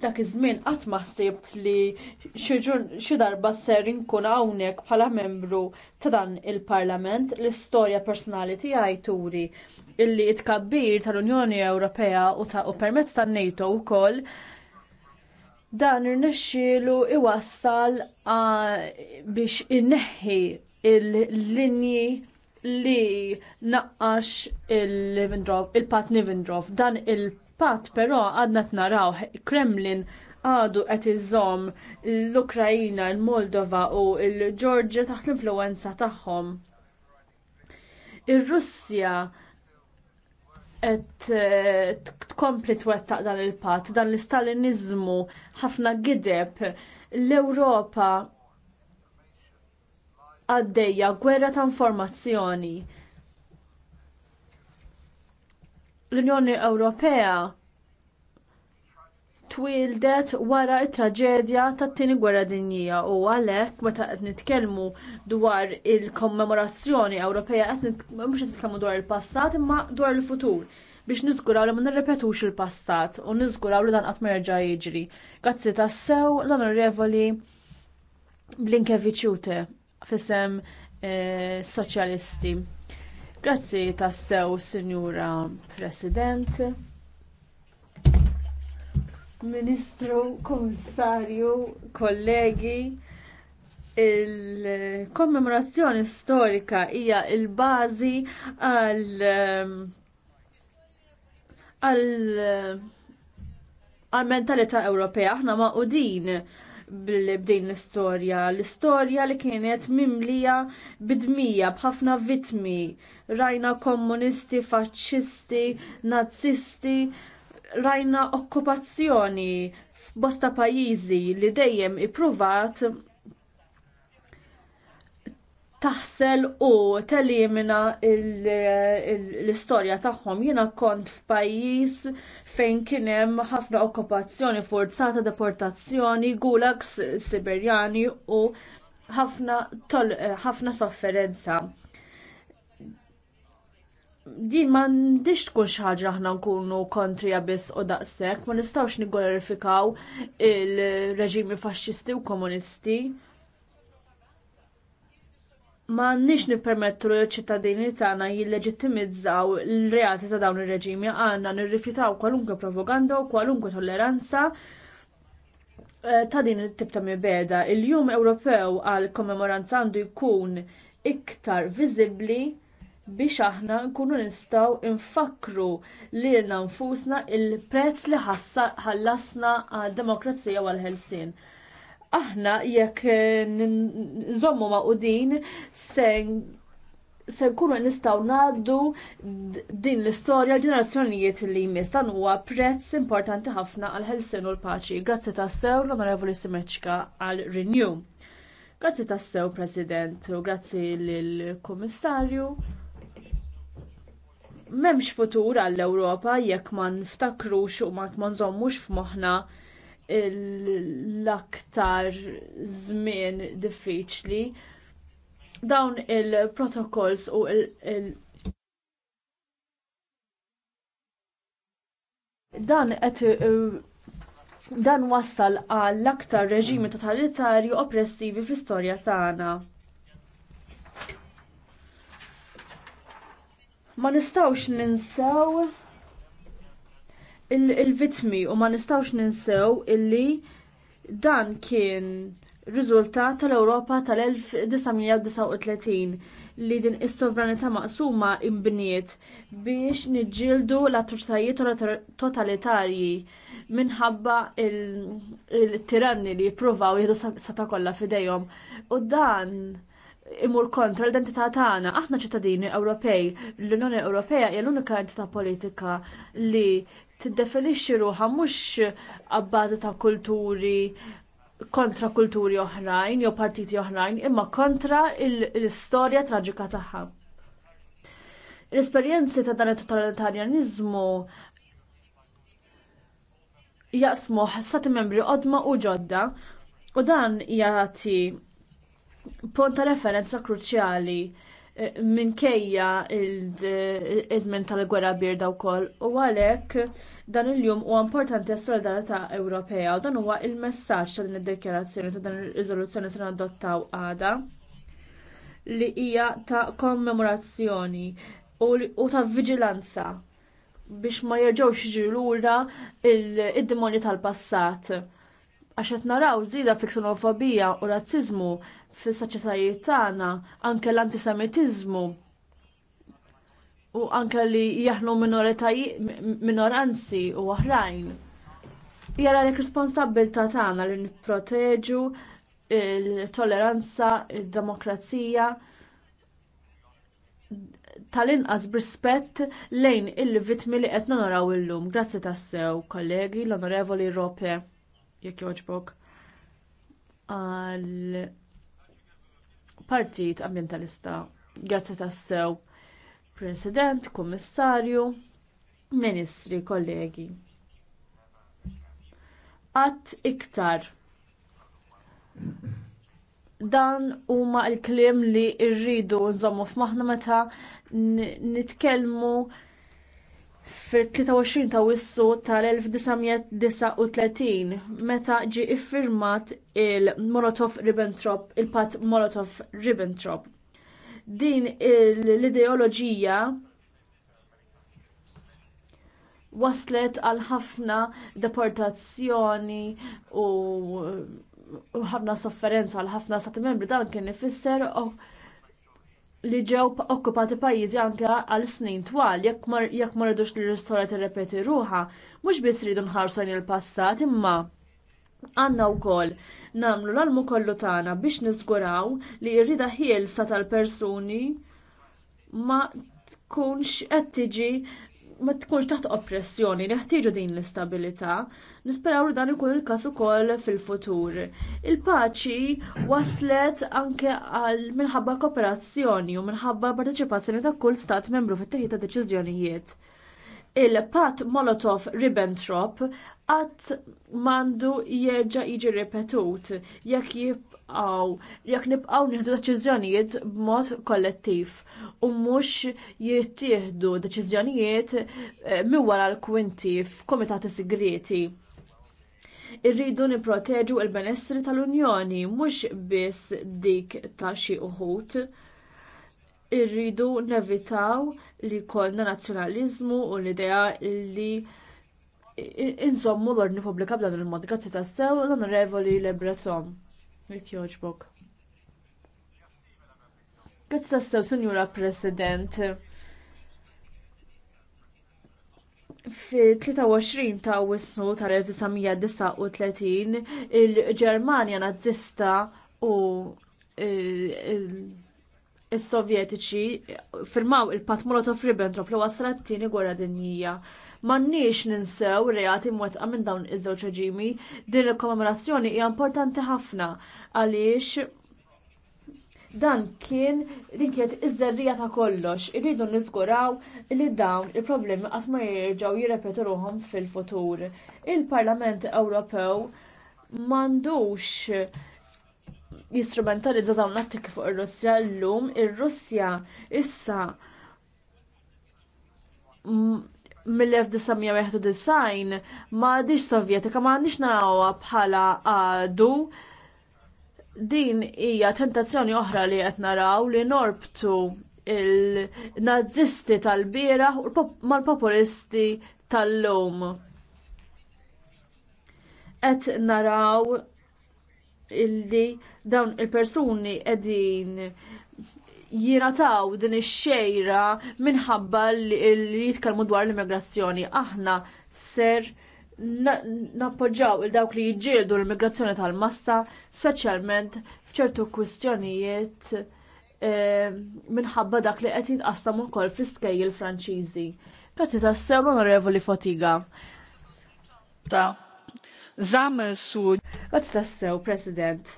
dak iż-żmien qatt ma ħsibt li xi darba ser inkun hawnhekk bħala membru ta' dan il-Parlament l-istorja personali tiegħi turi illi t tkabbir tal-Unjoni Ewropea u ta' u permezz tan-NATO wkoll dan irnexxielu iwassal biex inneħħi l linji li naqqax il pat Vindrov dan il fatt però għadna t-naraw Kremlin għadu qed iżżomm l-Ukrajina, l-Moldova u l-Ġorġja taħt l-influenza tagħhom. Ir-Russja qed eh, tkompli twettaq dan il-patt, dan l-Stalinizmu, ħafna gideb, l-Ewropa għaddejja gwerra ta' informazzjoni l-Unjoni Ewropea twildet wara t traġedja tat-tieni gwerra dinjija u għalhekk meta qed nitkellmu dwar il-kommemorazzjoni Ewropea qed mhux qed nitkellmu dwar il-passat imma dwar il-futur biex niżguraw li ma nirrepetux il-passat u niżguraw li dan qatt ma jerġa' jiġri. Grazzi tassew l-Onorevoli Blinkeviċute fisem eh, soċjalisti. Grazzi tassew, Sinjura President. Ministru, Komissarju, kollegi, il-kommemorazzjoni storika hija l bazi għal ehm, għal għal mentalità Ewropea aħna ma' udin billi bdejn l-istorja. L-istorja li kienet mimlija bidmija b'ħafna vittmi. Rajna komunisti, faċċisti, nazzisti, rajna okkupazzjoni f'bosta pajjiżi li dejjem ippruvat taħsel u telimina l-istorja tagħhom. Jiena kont f'pajjiż fejn kien hemm ħafna okkupazzjoni forzata, deportazzjoni, gulags Siberjani u ħafna sofferenza. Din m'għandix tkun xi ħaġa aħna nkunu kontrija biss u daqshekk, ma nistgħux nigglorifikaw il-reġimi faxxisti u komunisti ma nix nippermettu li ċittadini tagħna jilleġittimizzaw l-reati ta' dawn ir-reġimi għandna nirrifjutaw kwalunkwe propaganda u kwalunkwe tolleranza eh, ta' din it-tip ta' mibeda. Il-jum Ewropew għal kommemoranza għandu jkun iktar viżibbli biex aħna nkunu nistgħu nfakru lilna nfusna il-prezz li ħallasna għad-demokrazija u għall-ħelsien aħna jekk eh, nżommu ma' udin se nkunu nistgħu ngħaddu din l-istorja l-ġenerazzjonijiet li jmiss dan huwa prezz importanti ħafna għal ħelsin u l-paċi. Grazzi tas-sew l-Onorevoli Simeċka għal Renew. Grazzi tas-sew President u grazzi lill-Kummissarju memx futur għall ewropa jekk ma nftakrux u ma nżommux f'moħħna l-aktar żmien diffiċli dawn il-protokolls u il- dan qed uh, dan wassal għall aktar reġimi totalitarju oppressivi fl-istorja tagħna. Ma nistgħux ninsew il-vitmi u ma nistawx ninsew illi dan kien riżultat tal-Ewropa tal-1939 li din is-sovranità maqsuma imbniet biex niġġieldu l-atroċitajiet totalitarji minħabba il-tiranni li jippruvaw jieħdu sata kollha f'idejhom. U dan imur kontra l-identità tagħna. Aħna ċittadini Ewropej, l-Unjoni Ewropea hija l-unika entità politika li tiddefinixxi ruħha mhux abbażi ta' kulturi kontra kulturi oħrajn jew partiti oħrajn imma kontra l-istorja traġika tagħha. L-esperjenzi ta' dan it-totalitarjaniżmu jaqsmu ħassati membri qodma u ġodda u dan jagħti punt ta' referenza kruċjali Eh, minkejja l izmen tal-gwerra birda wkoll u għalhekk dan il-jum huwa importanti għas solidarita Ewropea u dan huwa l messaġġ ta' din id-dekjarazzjoni ta' dan ir-riżoluzzjoni se nadottaw għada li hija ta' kommemorazzjoni u ta' viġilanza biex ma jerġgħux jiġu lura id-dimonji tal-passat għax qed naraw żieda fi ksenofobija u razziżmu fis-soċjetajiet tagħna, anke l-antisemitiżmu u anke li jaħlu minoranzi u oħrajn. Jara li responsabilità tagħna li nipproteġu il-tolleranza, id-demokrazija il tolleranza id demokrazija tal inqas brispett lejn il-vitmi li qed naraw illum. Grazzi tassew, kollegi, l-Onorevoli Rope jekk jogħġbok għal partit ambjentalista. Grazzi tassew, President, Kummissarju, Ministri, kollegi. Qatt iktar. Dan huma l-kliem li rridu nżommu f'maħna meta nitkellmu fil-23 ta' Wissu tal-1939 meta ġie iffirmat il-Molotov-Ribbentrop il-Patt Molotov-Ribbentrop. Din l-ideoloġija waslet għal ħafna deportazzjoni u ħafna sofferenza għal ħafna stati membri dan kien ifisser li ġew okkupati pajjiżi anke għal snin twal jekk ma rridux li l-istorja tirrepeti ruha, mhux biss ridu nħarsu il-passat imma għandna wkoll nagħmlu l-almu kollu tagħna biex niżguraw li r-rida ħielsa tal-persuni ma tkunx qed tiġi ma tkunx taħt oppressjoni, neħtieġu din l-istabilità, nisperaw li dan ikun il-każ ukoll fil-futur. Il-paċi waslet anke għal minħabba kooperazzjoni u minħabba parteċipazzjoni ta' kull stat membru fit-teħid ta' deċiżjonijiet. Il-pat Molotov-Ribbentrop għat mandu jerġa' jiġi ripetut jekk jib nibqaw, jekk nibqaw nieħdu deċiżjonijiet b'mod kollettiv u mhux jittieħdu deċiżjonijiet eh, minn wara l-kwinti f'komitati segreti. Irridu nipproteġu l benessri tal-Unjoni mhux biss dik ta' xi uħud. Irridu nevitaw li jkollna nazzjonaliżmu u l-idea li Insommu l-ordni pubblika b'dan il-mod, grazzi ta' sew l-onorevoli Lebreton. Jekk jogħġbok. Grazzi tassew, Sunjura President. Fi-23 ta' Wisnu tal-1939 il ġermania nazista u il sovjetiċi firmaw il-Pat Molotov Ribbentrop li t tieni gwerra dinjija. M'għandniex ninsew reati mwetqa minn dawn iż-żewġ reġimi. Din il-kommemorazzjoni hija importanti ħafna għaliex dan kien din kienet iż-żerrija ta' kollox. Irridu niżguraw li dawn il-problemi qatt ma jirġgħu jirrepeturuhom fil-futur. Il-Parlament Ewropew m'għandux jistrumentalizza dawn l-attikki fuq ir-Russja llum, ir-Russja issa mill-1991 ma diġ sovjetika ma nix nawa bħala għadu din hija tentazzjoni oħra li qed naraw li norbtu il-nazzisti tal-bieraħ mal-populisti tal-lum. Qed naraw illi dawn il-persuni qegħdin jirataw din ix-xejra minħabba li jitkellmu dwar l-immigrazzjoni. Aħna ser nappoġġaw il dawk li jġildu l-immigrazzjoni tal-massa, speċjalment f'ċertu kwistjonijiet eh, minħabba dak li qed jitqassam ukoll fl-iskejjel Franċiżi. Grazzi tassew l-Onorevoli Fotiga. Ta' zamsu. Grazzi tassew, President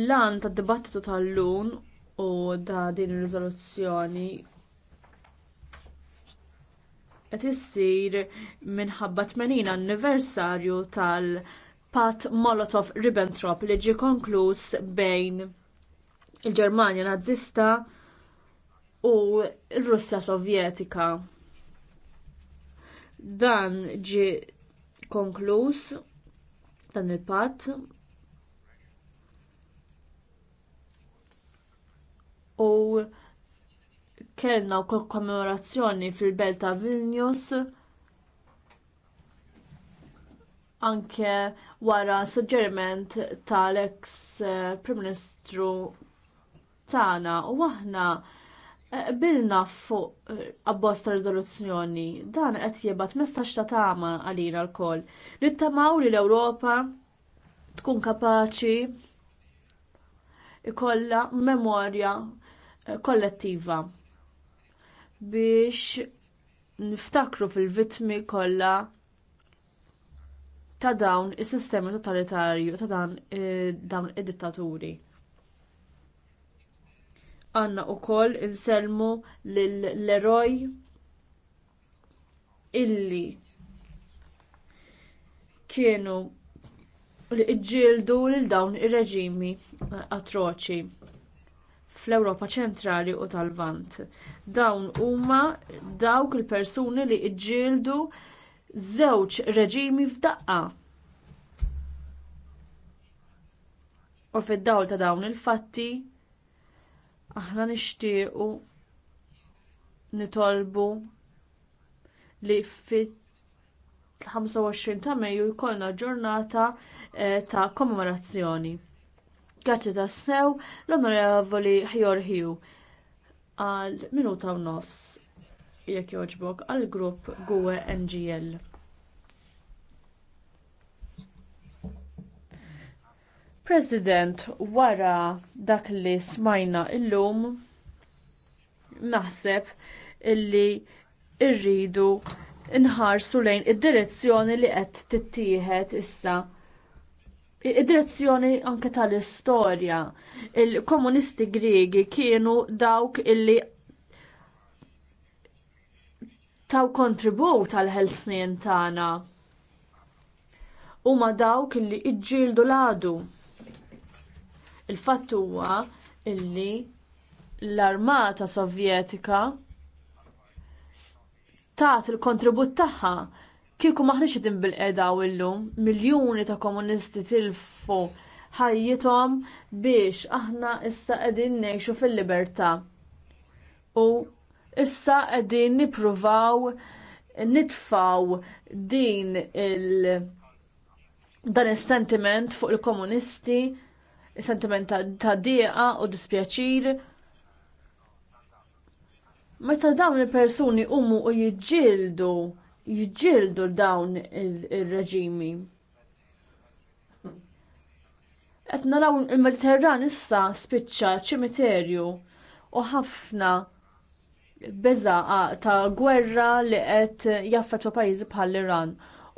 l-għan tad dibattitu tal-lum u ta' din ir-riżoluzzjoni qed issir minħabba 80 anniversarju tal-Patt Molotov-Ribbentrop li ġie konkluż bejn il-Ġermanja Nazzista u r-Russja Sovjetika. Dan ġie konkluż dan il-patt u kellna wkoll kommemorazzjoni fil-belt ta' Vilnius anke wara suġġeriment tal-eks eh, Prim Ministru tagħna u aħna qbilna eh, fuq eh, abbozz ta' riżoluzzjoni dan qed jibgħat messaġġ ta' tama għalina lkoll. Nittamaw li l-Ewropa tkun kapaċi ikollha memorja kollettiva biex niftakru fil-vittmi kollha ta' dawn is-sistemi totalitarju ta' dan eh, dawn id-dittaturi. Għanna wkoll inselmu l-eroj illi kienu li ġildu lil dawn ir-reġimi atroċi fl-Ewropa ċentrali u tal-Lvant. Dawn huma dawk il-persuni li ġġieldu żewġ reġimi f'daqqa. U fid-dawl ta' dawn il-fatti aħna nixtiequ nitolbu li fit-25 ta' Mejju jkollna ġurnata eh, ta' kommemorazzjoni. Grazzi sew, l-onorevoli Hjor Hugh għal minuta u nofs jekk jogħġbok għall grupp GUE NGL. President, wara dak li smajna llum naħseb illi rridu nħarsu lejn id-direzzjoni li qed tittieħed issa id-direzzjoni anke tal-istorja. Il-komunisti Griegi kienu dawk illi taw kontribut għall ħelsnien tagħna. Huma dawk illi iġġieldu l-għadu. Il-fatt huwa illi l-armata sovjetika tat il-kontribut tagħha Kieku maħni xedin bil-qeda u illum, miljoni ta' komunisti tilfu ħajjithom biex aħna issa qegħdin ngħixu fil-libertà. U issa qegħdin nippruvaw nitfaw din il- dan is-sentiment fuq il-komunisti, is-sentiment ta' dieqa u dispjaċir. Meta dawn il-persuni umu u jiġġieldu jġildu dawn il-reġimi. Qed naraw il-Mediterran issa spiċċa ċimiterju u ħafna beza ta' gwerra li qed jaffettwa pajjiżi bħal iran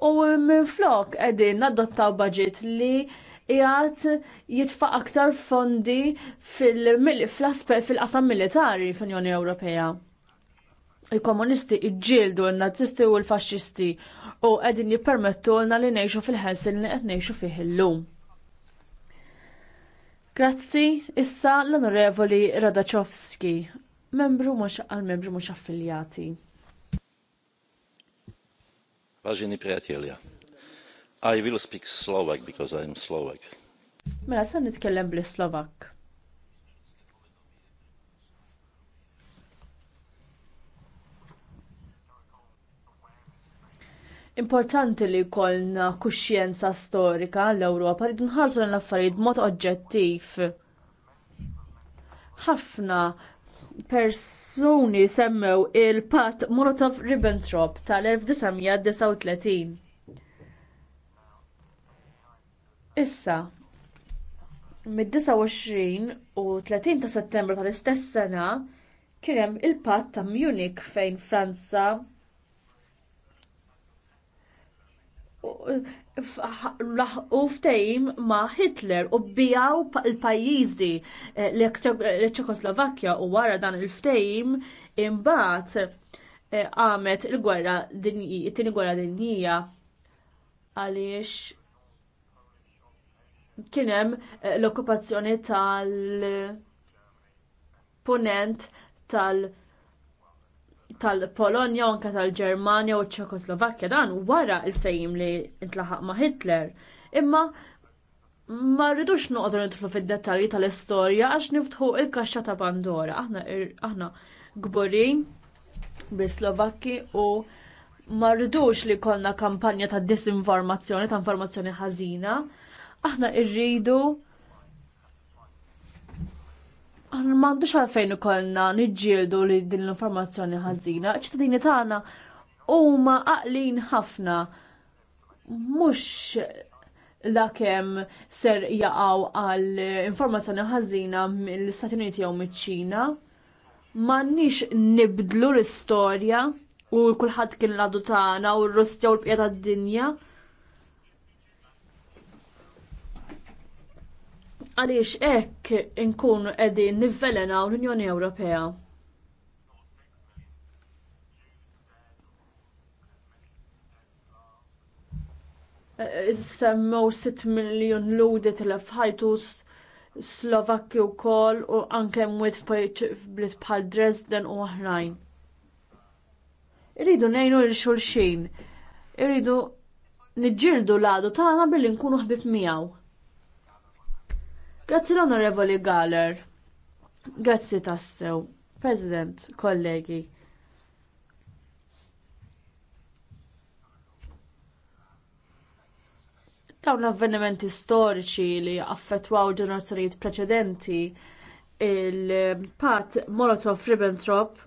U minflok qegħdin nadottaw baġit li jgħat jitfa' aktar fondi fil-qasam militari fl-Unjoni Ewropea il-komunisti iġġieldu n-nazisti u l-faxxisti u qegħdin jippermettulna li ngħixu fil-ħelsin li qed ngħixu fih illum. Grazzi, issa l-Onorevoli Radaċovski, membru mux għal-membru mhux affiljati. Vaġini prijatelja, I will speak Slovak because I am Slovak. Mela, sa nitkellem bl-Slovak. Importanti li jkollna kuxjenza storika l-Ewropa rridu nħarsu l-affarijiet b'mod oġġettiv. Ħafna persuni semmew il-pat Molotov-Ribbentrop tal-1939. Issa, mid-29 u 30 ta' settembru tal-istess sena kien hemm il-patt ta' Munich fejn Franza laħqu ftehim ma' Hitler u bijaw il-pajjiżi eh, l ċekoslovakja u wara dan il ftejim imbagħad eh, għamet il-gwerra it-tieni gwerra dinjija għaliex kien hemm eh, l-okkupazzjoni tal-punent tal-, -punent tal tal-Polonja u anke tal-Ġermanja u ċ-Ċekoslovakkja dan wara l-fejm li ntlaħaq ma' Hitler. Imma ma rridux noqogħdu nidħlu fid-dettalji tal-istorja għax niftħu il-kaxxa ta' Pandora. Aħna aħna gburin bis-Slovakki u ma rridux li jkollna kampanja ta' disinformazzjoni ta' informazzjoni ħażina. Aħna rridu Għan mandux għalfejn ukollna niġġieldu li din l-informazzjoni ħażina, ċittadini tagħna huma għaqlin ħafna mhux lakemm ser jaqgħu għal informazzjoni ħażina mill-Istati Uniti jew miċ-Ċina. M'għandniex nibdlu l-istorja u kulħadd kien l-għadu tagħna u r-Russja u l-bqija tad-dinja. Għaliex hekk inkun qegħdin nivvelenaw l-Unjoni Ewropea. semmew 6 miljon ludi telef ħajtu Slovakki u kol u anke mwit f'bliet bħal Dresden u oħrajn. Iridu nejnu l-xulxin, iridu nġildu l-għadu tagħna billi nkunu ħbib miegħu. Grazzi l-Onorevoli Galler. Grazzi tassew. President, kollegi. Dawn l-avvenimenti storiċi li affettwaw ġenerazzjonijiet preċedenti il-pat Molotov-Ribbentrop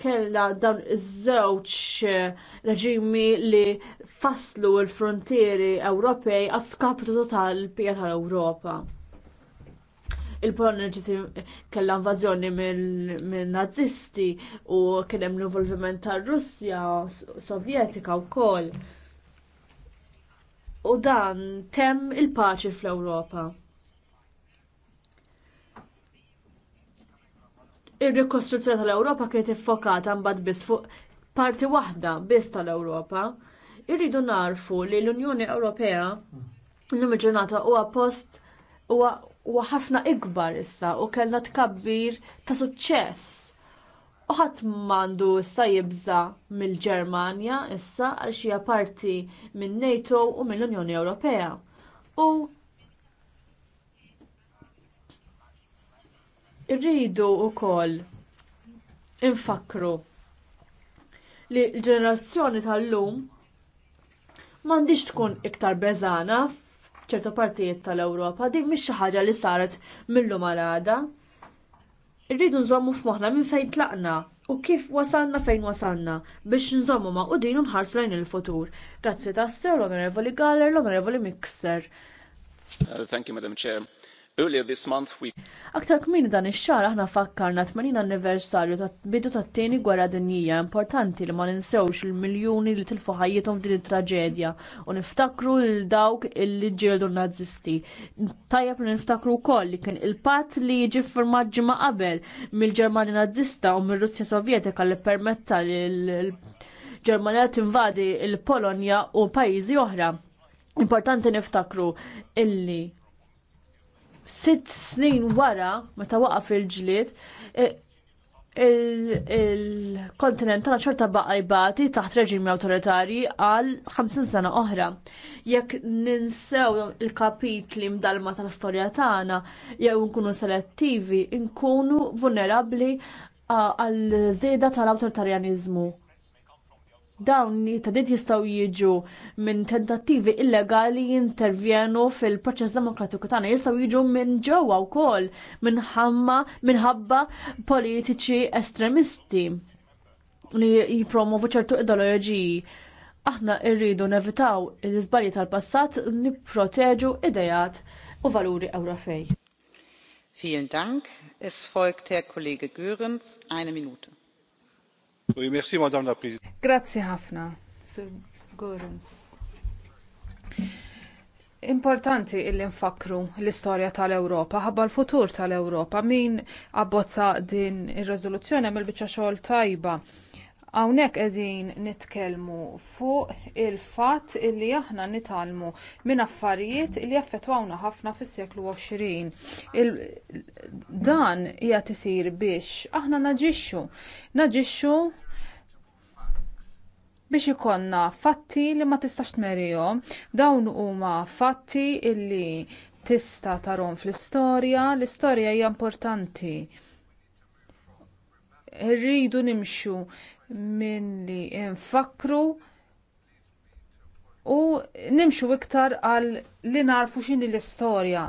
kella dawn iż-żewġ eh, reġimi li faslu l-frontieri Ewropej għas kapitu total bija tal-Ewropa. Il-Polonja ġiet kellha invażjoni mill nazisti u kien hemm l-involviment tar-Russja Sovjetika wkoll. U dan temm il-paċi fl-Ewropa. Ir-rikostruzzjoni tal-Ewropa kienet iffokata mbagħad biss fuq parti waħda biss tal-Ewropa. Irridu narfu li l-Unjoni Ewropea l-lum ġurnata huwa post huwa ħafna ikbar issa u kellna tkabbir ta' suċċess. U ħadd m'għandu issa jibża mill-Ġermanja issa għal xi parti minn NATO u mill-Unjoni Ewropea. U Irridu wkoll infakru li l-ġenerazzjoni tal-lum m'għandix tkun iktar beżana f'ċertu partijiet tal-Ewropa, dik mhix xi ħaġa li saret minnhom għal għada. Irridu nżommu f'moħħna minn fejn tlaqna u kif wasalna fejn wasalna biex nżommu ma' qudin u nħarsu lejn il-futur. Grazzi tassew l-Onorevoli Galler, l-Onorevoli Mixer. Uh, thank you, Madam Chair. Earlier this month we Aktar kmin dan ix-xahar aħna fakkarna 80 anniversarju ta' bidu tat-tieni gwerra dinjija importanti li ma ninsewx il-miljuni li tilfu ħajjithom f'din it-traġedja u niftakru lil dawk illi ġieldu nazisti. Tajjeb li niftakru wkoll li kien il-patt li jiġi firmat ġimgħa qabel mill ġermani Nazzista u mir-Russja Sovjetika li permetta lil ġermanija tinvadi l polonja u pajjiżi oħra. Importanti niftakru illi sitt snin wara meta waqaf il-ġlied e, il-kontinent tagħna ċorta baqa' jbati taħt reġimi awtoritarji għal 50 sena oħra. Jekk ninsew il-kapitli mdalma tal-istorja tagħna jew nkunu selettivi, nkunu vulnerabbli għal żieda tal-awtoritarjanizmu. Dawn tadid jistgħu jiġu minn tentattivi illegali jintervjenu fil-proċess demokratiku tagħna jistgħu jiġu minn ġewwa wkoll minħamma minħabba politiċi estremisti li jipromovu ċertu ideoloġiji. Aħna rridu nevitaw l-iżbalji tal-passat nipproteġu idejat u valuri Ewropej. Vielen Dank. Es folgt Herr Kollege Görens, eine Minute merci, Madame la Presidente. Grazie ħafna, Sir Gorens. Importanti illi nfakru l-istorja tal-Ewropa, ħabba l-futur tal-Ewropa, min abbozza din ir rezoluzzjoni mill biċċa xogħol tajba Hawnhekk qegħdin nitkellmu fuq il-fatt li aħna nitalmu minn affarijiet li jaffettwawna ħafna fis-seklu 20. Dan hija tisir biex aħna naġixxu. Naġixxu biex ikollna fatti li ma tistax tmerihom, dawn huma fatti li tista' tarhom fl-istorja, l-istorja hija importanti. Irridu nimxu milli nfakru u nimxu iktar għal li narfu x'inhi l-istorja.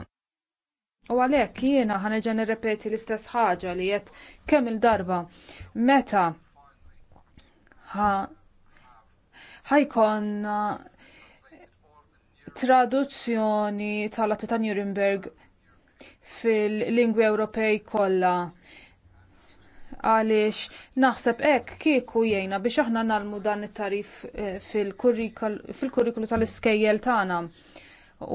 U għalhekk jiena ħanġa' nirrepeti l-istess ħaġa li qed kemm il-darba meta ħajkonna traduzzjoni tal-Atti ta' Nuremberg fil-lingwi Ewropej kollha għaliex naħseb hekk kieku jgħinna biex aħna nagħmlu dan it-tarif eh, fil-kurrikulu tal-iskejjel tagħna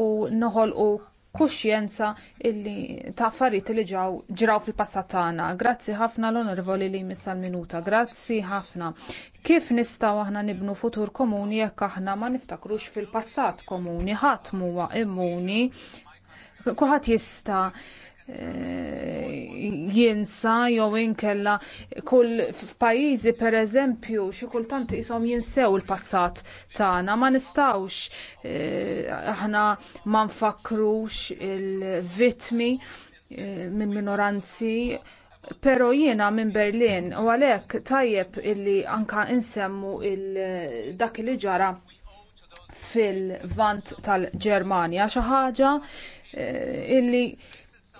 u noħolqu kuxjenza illi ta' affarijiet li ġaw ġraw fil-passat tagħna. Grazzi ħafna l-onorevoli li jmiss minuta Grazzi ħafna. Kif nistgħu aħna nibnu futur komuni jekk aħna ma niftakrux fil-passat komuni ħadd huwa immuni kulħadd jista' Eh, jinsa jew inkella kull f'pajjiżi pereżempju xi kultant ishom jinsew il-passat tagħna ma nistgħux eh, aħna ma nfakkrux il-vittmi eh, minn minoranzi Pero jiena minn Berlin u għalhekk tajjeb illi anka insemmu il dak li ġara fil-vant tal-Ġermanja xi ħaġa illi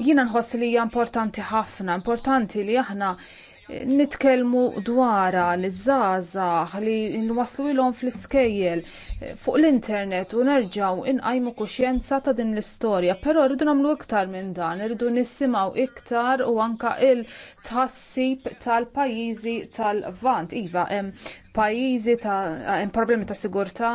Jiena nħoss li hija importanti ħafna, importanti li aħna eh, nitkellmu dwara li żgħażagħ li nwaslu ilhom fl-iskejjel eh, fuq l-internet u nerġgħu inqajmu kuxjenza ta' din l-istorja, però rridu nagħmlu iktar minn dan, rridu nisimgħu iktar u anke il tħassib tal-pajjiżi tal vant Iva, pajjiżi ta' problemi ta' sigurtà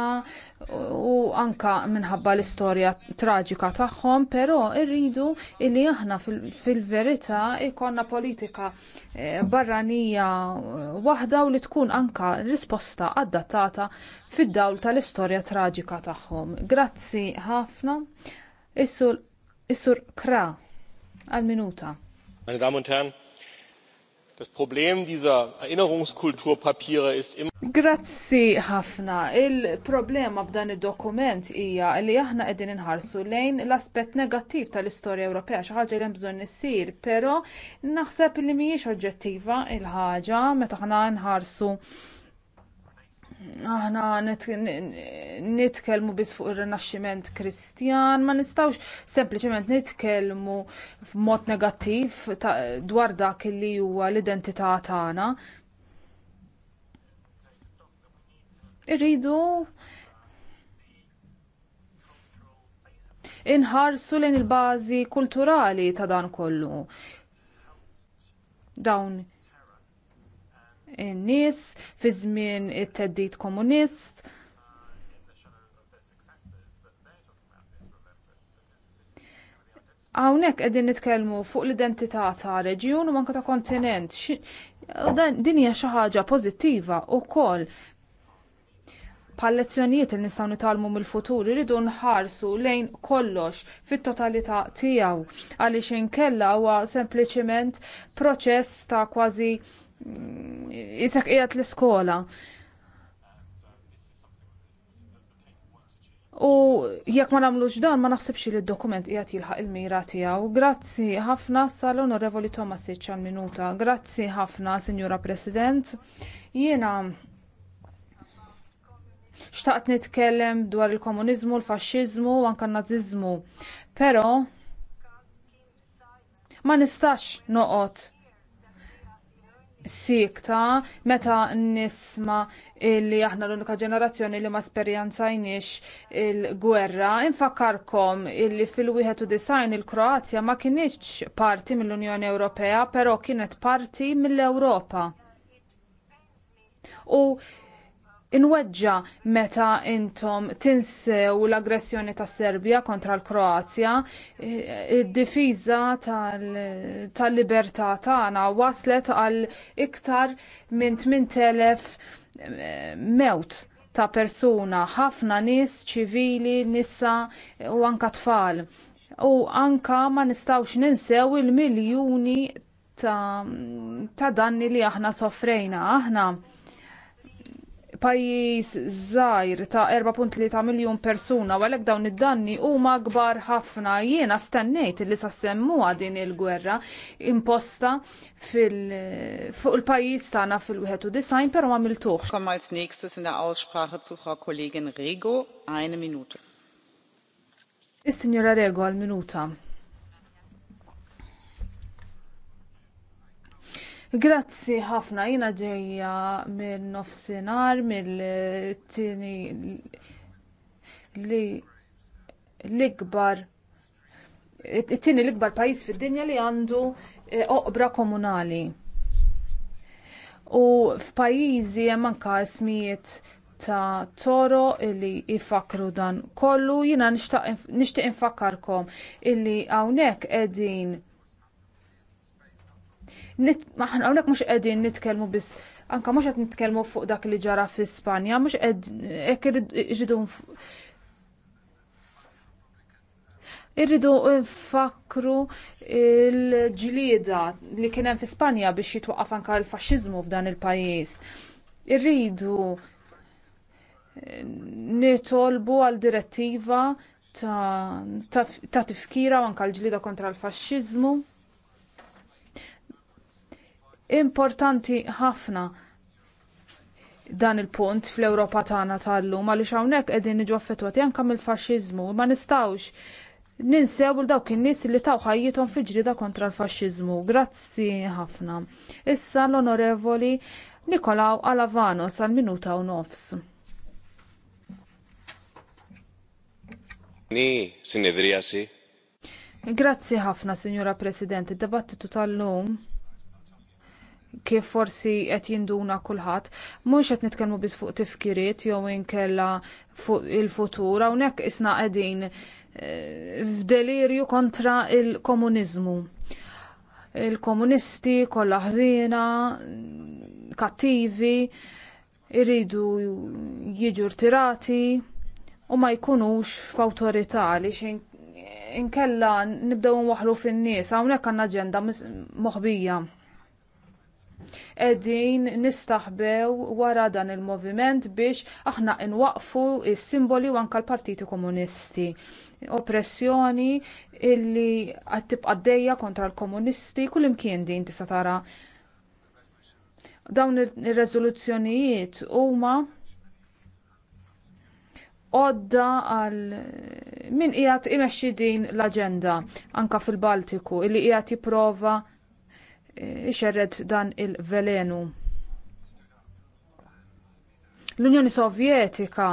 u anka minħabba l-istorja traġika tagħhom, però rridu illi aħna fil-verità ikonna politika eh, barranija waħda u li tkun anka risposta adattata fid-dawl tal-istorja traġika tagħhom. Grazzi ħafna. Issur Kra għal minuta. Meine Damen und Das Problem dieser Erinnerungskulturpapiere ist immer Grazzi ħafna. Il-problema b'dan id-dokument hija li aħna qegħdin inħarsu lejn l-aspett negattiv tal-istorja Ewropea xi ħaġa li hemm bżonn issir, però naħseb li mhijiex oġġettiva il-ħaġa meta aħna nħarsu aħna nitkellmu biss fuq ir-rinaxximent kristjan ma nistgħux sempliċement nitkellmu f'mod negattiv dwar dak li huwa l-identità tagħna. Irridu inħarsu lejn il-bażi kulturali ta' dan kollu. Dawn in nies fi żmien it-teddid komunist. Hawnhekk qegħdin nitkellmu fuq l-identità ta' reġjun u anke ta' kontinent. Din hija xi ħaġa pożittiva wkoll pal-lezzjonijiet li nistgħu nitalmu mill-futur iridu nħarsu lejn kollox fit-totalità tiegħu għaliex inkella huwa sempliċement proċess ta' kważi jisak qiegħed l-iskola. U jekk ma nagħmlux dan ma naħsibx li d-dokument qiegħed jilħaq il-mira tiegħu. Grazzi ħafna sal-Onorevoli Thomas għal minuta. Grazzi ħafna, Sinjura President. Jiena xtaqt nitkellem dwar il-komuniżmu, l-faxxiżmu u anke n-naziżmu. Però ma nistax noqgħod sikta meta nisma li aħna l-unika ġenerazzjoni li ma sperjanzajniex il-gwerra. Infakkarkom illi fil-91 il-Kroazja ma kinitx parti mill-Unjoni Ewropea, però kienet parti mill-Ewropa. U inweġġa meta intom tinsew l-aggressjoni tas Serbja kontra l-Kroazja, id-difiża tal-libertà tagħna waslet għal iktar minn 8000 eh, mewt ta' persuna, ħafna nies ċivili, nisa u anka tfal. U anka ma nistawx ninsew il-miljuni ta', ta danni li aħna sofrejna. Aħna pajjiż żgħir ta' 4.3 miljun persuna u għalhekk dawn id-danni huma kbar ħafna. Jiena stennejt li se semmuha din il-gwerra imposta fuq il-pajjiż tagħna fil-91 però ma miltuħx. Komm als nächstes in der Aussprache zu Frau Kollegin Rego, eine Minute. Is-Sinjora Rego għal minuta. Grazzi ħafna jina ġejja minn nofsinhar mill tini li l-ikbar it-tieni l-ikbar pajjiż fid-dinja li għandu eh, oqbra komunali. U f'pajjiżi hemm anke ismijiet ta' toro li ifakru dan kollu jiena nixtieq infakkarkom illi hawnhekk qegħdin Maħna hawnhekk mhux qegħdin nitkellmu biss anka mhux qed nitkellmu fuq dak li ġara fi Spanja, mhux qed hekk irridu Irridu nfakru l-ġlieda li kien hemm fi Spanja biex jitwaqqaf anke l fasċizmu f'dan il-pajjiż. Irridu nitolbu għal direttiva ta', ta, ta tifkira anke l-ġlieda kontra l fasċizmu importanti ħafna dan il-punt fl-Ewropa tagħna tal-lum għaliex hawnhekk qegħdin niġu affettwati anke mill-faxxiżmu ma nistgħux ninsew il dawk in-nies li taw ħajjithom fi ġrida kontra l-faxxiżmu. Grazzi ħafna. Issa l-Onorevoli Nikolaw Alavano sal minuta u nofs. Ni Grazzi ħafna, Sinjura President, id-debattitu tal-lum kif forsi qed jinduna kulħadd, mhux qed nitkellmu biss fuq tifkiriet jew inkella fuq il-futur hawnhekk isna qegħdin eh, f'delirju kontra il-komuniżmu. Il-komunisti kollha ħżiena, kattivi, iridu jiġu rtirati u ma jkunux f'awtorità li inkella nibdew nwaħlu fin-nies hawnhekk għandna aġenda moħbija qegħdin nistaħbew wara dan il-moviment biex aħna inwaqfu s-simboli u anke l-Partiti Komunisti. Oppressjoni illi qed tibqa' għaddejja kontra l-komunisti kullimkien din tista' tara dawn ir-reżoluzzjonijiet huma għodda għal min qiegħed imexxi din l-aġenda anke fil-Baltiku illi qiegħed jipprova ixerred dan il-velenu. L-Unjoni Sovjetika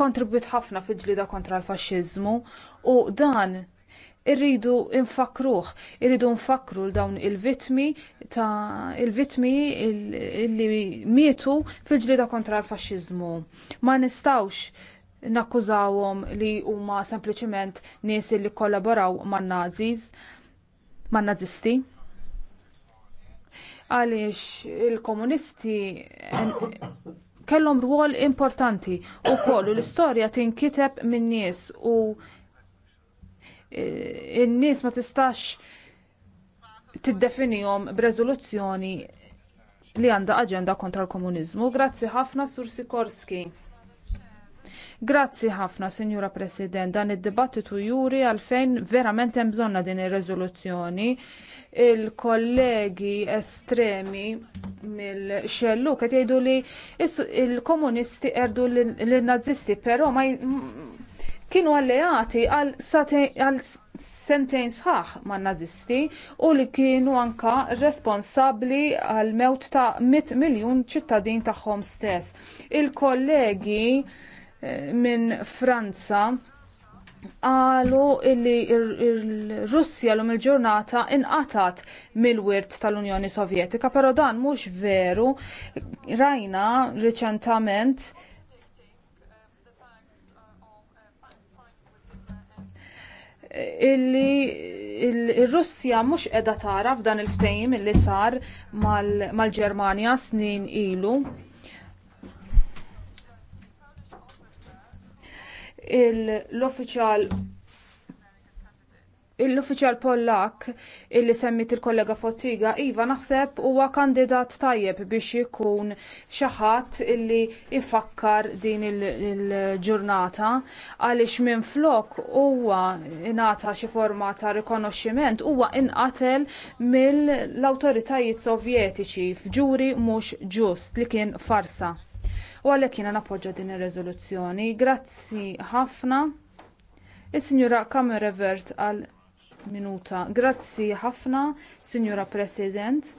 kontribwit ħafna fil-ġlida kontra l-faxxiżmu u dan irridu infakruh, irridu nfakru l dawn il-vitmi ta' il-vitmi li mietu fil-ġlida kontra l-faxxiżmu. Ma nistawx nakkużawhom li huma sempliċiment nies li kollaboraw man-Nazis man nazisti għaliex il-komunisti kellhom rwol importanti wkoll u l-istorja tinkiteb min nies u e, n-nies ma tistax tiddefinihom b'reżoluzzjoni li għandha aġenda kontra l-komuniżmu. Grazzi ħafna Sur Sikorski. Grazzi ħafna, Sinjura President, dan id-dibattitu juri għalfejn verament hemm bżonna din ir-reżoluzzjoni. Il-kollegi estremi mill-xellu qed jgħidu li il-komunisti erdu lin nazzisti però ma kienu alleati għal, għal sentejn sħaħ man nazisti u li kienu anka responsabbli għal mewt ta' 100 miljun ċittadin tagħhom stess. Il-kollegi minn Franza qalu li r-Russja l il-ġurnata inqatat mill-wirt tal-Unjoni Sovjetika, però dan mhux veru. Rajna riċentement illi r russja mhux qiegħda tara f'dan il-ftehim illi sar mal-Ġermanja snin ilu. l-uffiċjal l-uffiċjal Pollak illi semmit il-kollega Fottiga iva naħseb huwa kandidat tajjeb biex ikun xi ħadd illi ifakkar din il-ġurnata għaliex minflok huwa ingħata xi forma ta' rikonoxximent huwa inqatel mill-awtoritajiet sovjetiċi f'ġuri mhux ġust li kien farsa u għalhekk jiena nappoġġja din ir-riżoluzzjoni. Grazzi ħafna. Is-Sinjura Revert għal minuta. Grazzi ħafna, Sinjura President.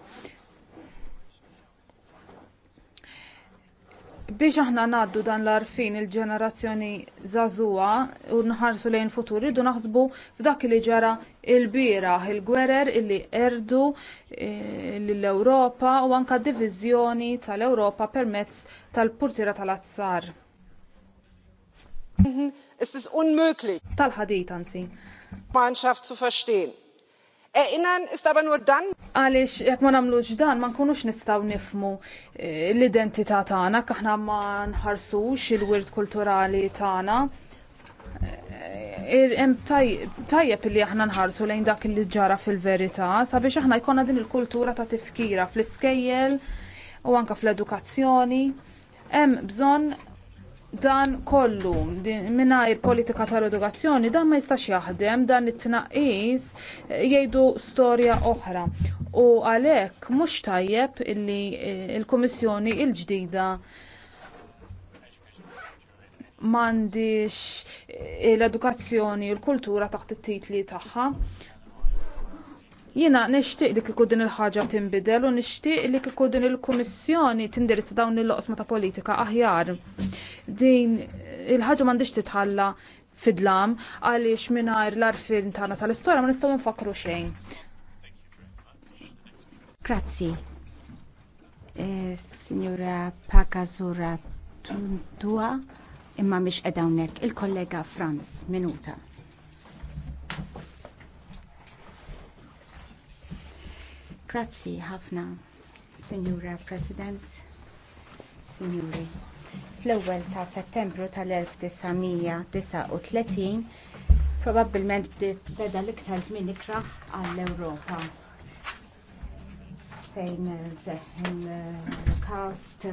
biex aħna ngħaddu dan l-għarfien il-ġenerazzjoni żagħżugħa u nħarsu lejn futur irridu naħsbu f'dak li ġara lbieraħ il-gwerer illi erdu lill-ewropa eh, u anke d-diviżjoni tal-ewropa permezz tal-purtira tal-azzar mhm. tal-ħadid anzi erinnern ist aber nur dann. Għaliex jekk ma nagħmlux dan ma nkunux nistgħu nifmu eh, l-identità tagħna aħna ma nħarsux il-wirt kulturali tagħna. Eh, hemm tajjeb li aħna nħarsu lejn dak li ġara fil-verità sabiex aħna jkollna din il-kultura ta' tifkira fl-iskejjel u anke fl-edukazzjoni. Hemm bżonn dan kollu mingħajr politika tal-edukazzjoni dan ma jistax jaħdem dan it-tnaqqis eh, jgħidu storja oħra u għalhekk mhux tajjeb illi eh, l-Kummissjoni il l-ġdida m'għandix eh, l-edukazzjoni u l-kultura taħt it-titli tagħha Jiena nixtieq li kieku din il-ħaġa tinbidel u nixtieq li kieku din il-Kummissjoni tindirizza dawn il-loqsma ta' politika aħjar. Din il-ħaġa m'għandix titħalla fidlam għaliex mingħajr l-arfin tagħna tal-istorja ma nistgħu nfakru xejn. Grazzi. Eh, signora Pagazura Tuntua imma mhix edawnek il-kollega Franz Minuta. Grazzi ħafna, Sinjura President, Sinjuri. Fl-ewwel ta' Settembru tal-1939 probabbilment bdiet beda l-iktar żmien ikraħ għall-Ewropa fejn seħħin l-Holocaust,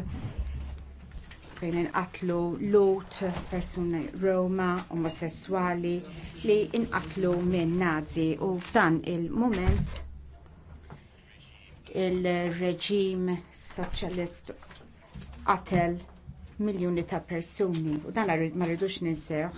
fejn inqatlu Lut, persuni Roma, omosessuali li inqatlu minn Nazi u f'dan il mument il-reġim soċjalist qatel miljuni ta' persuni u dan ma rridux ninsew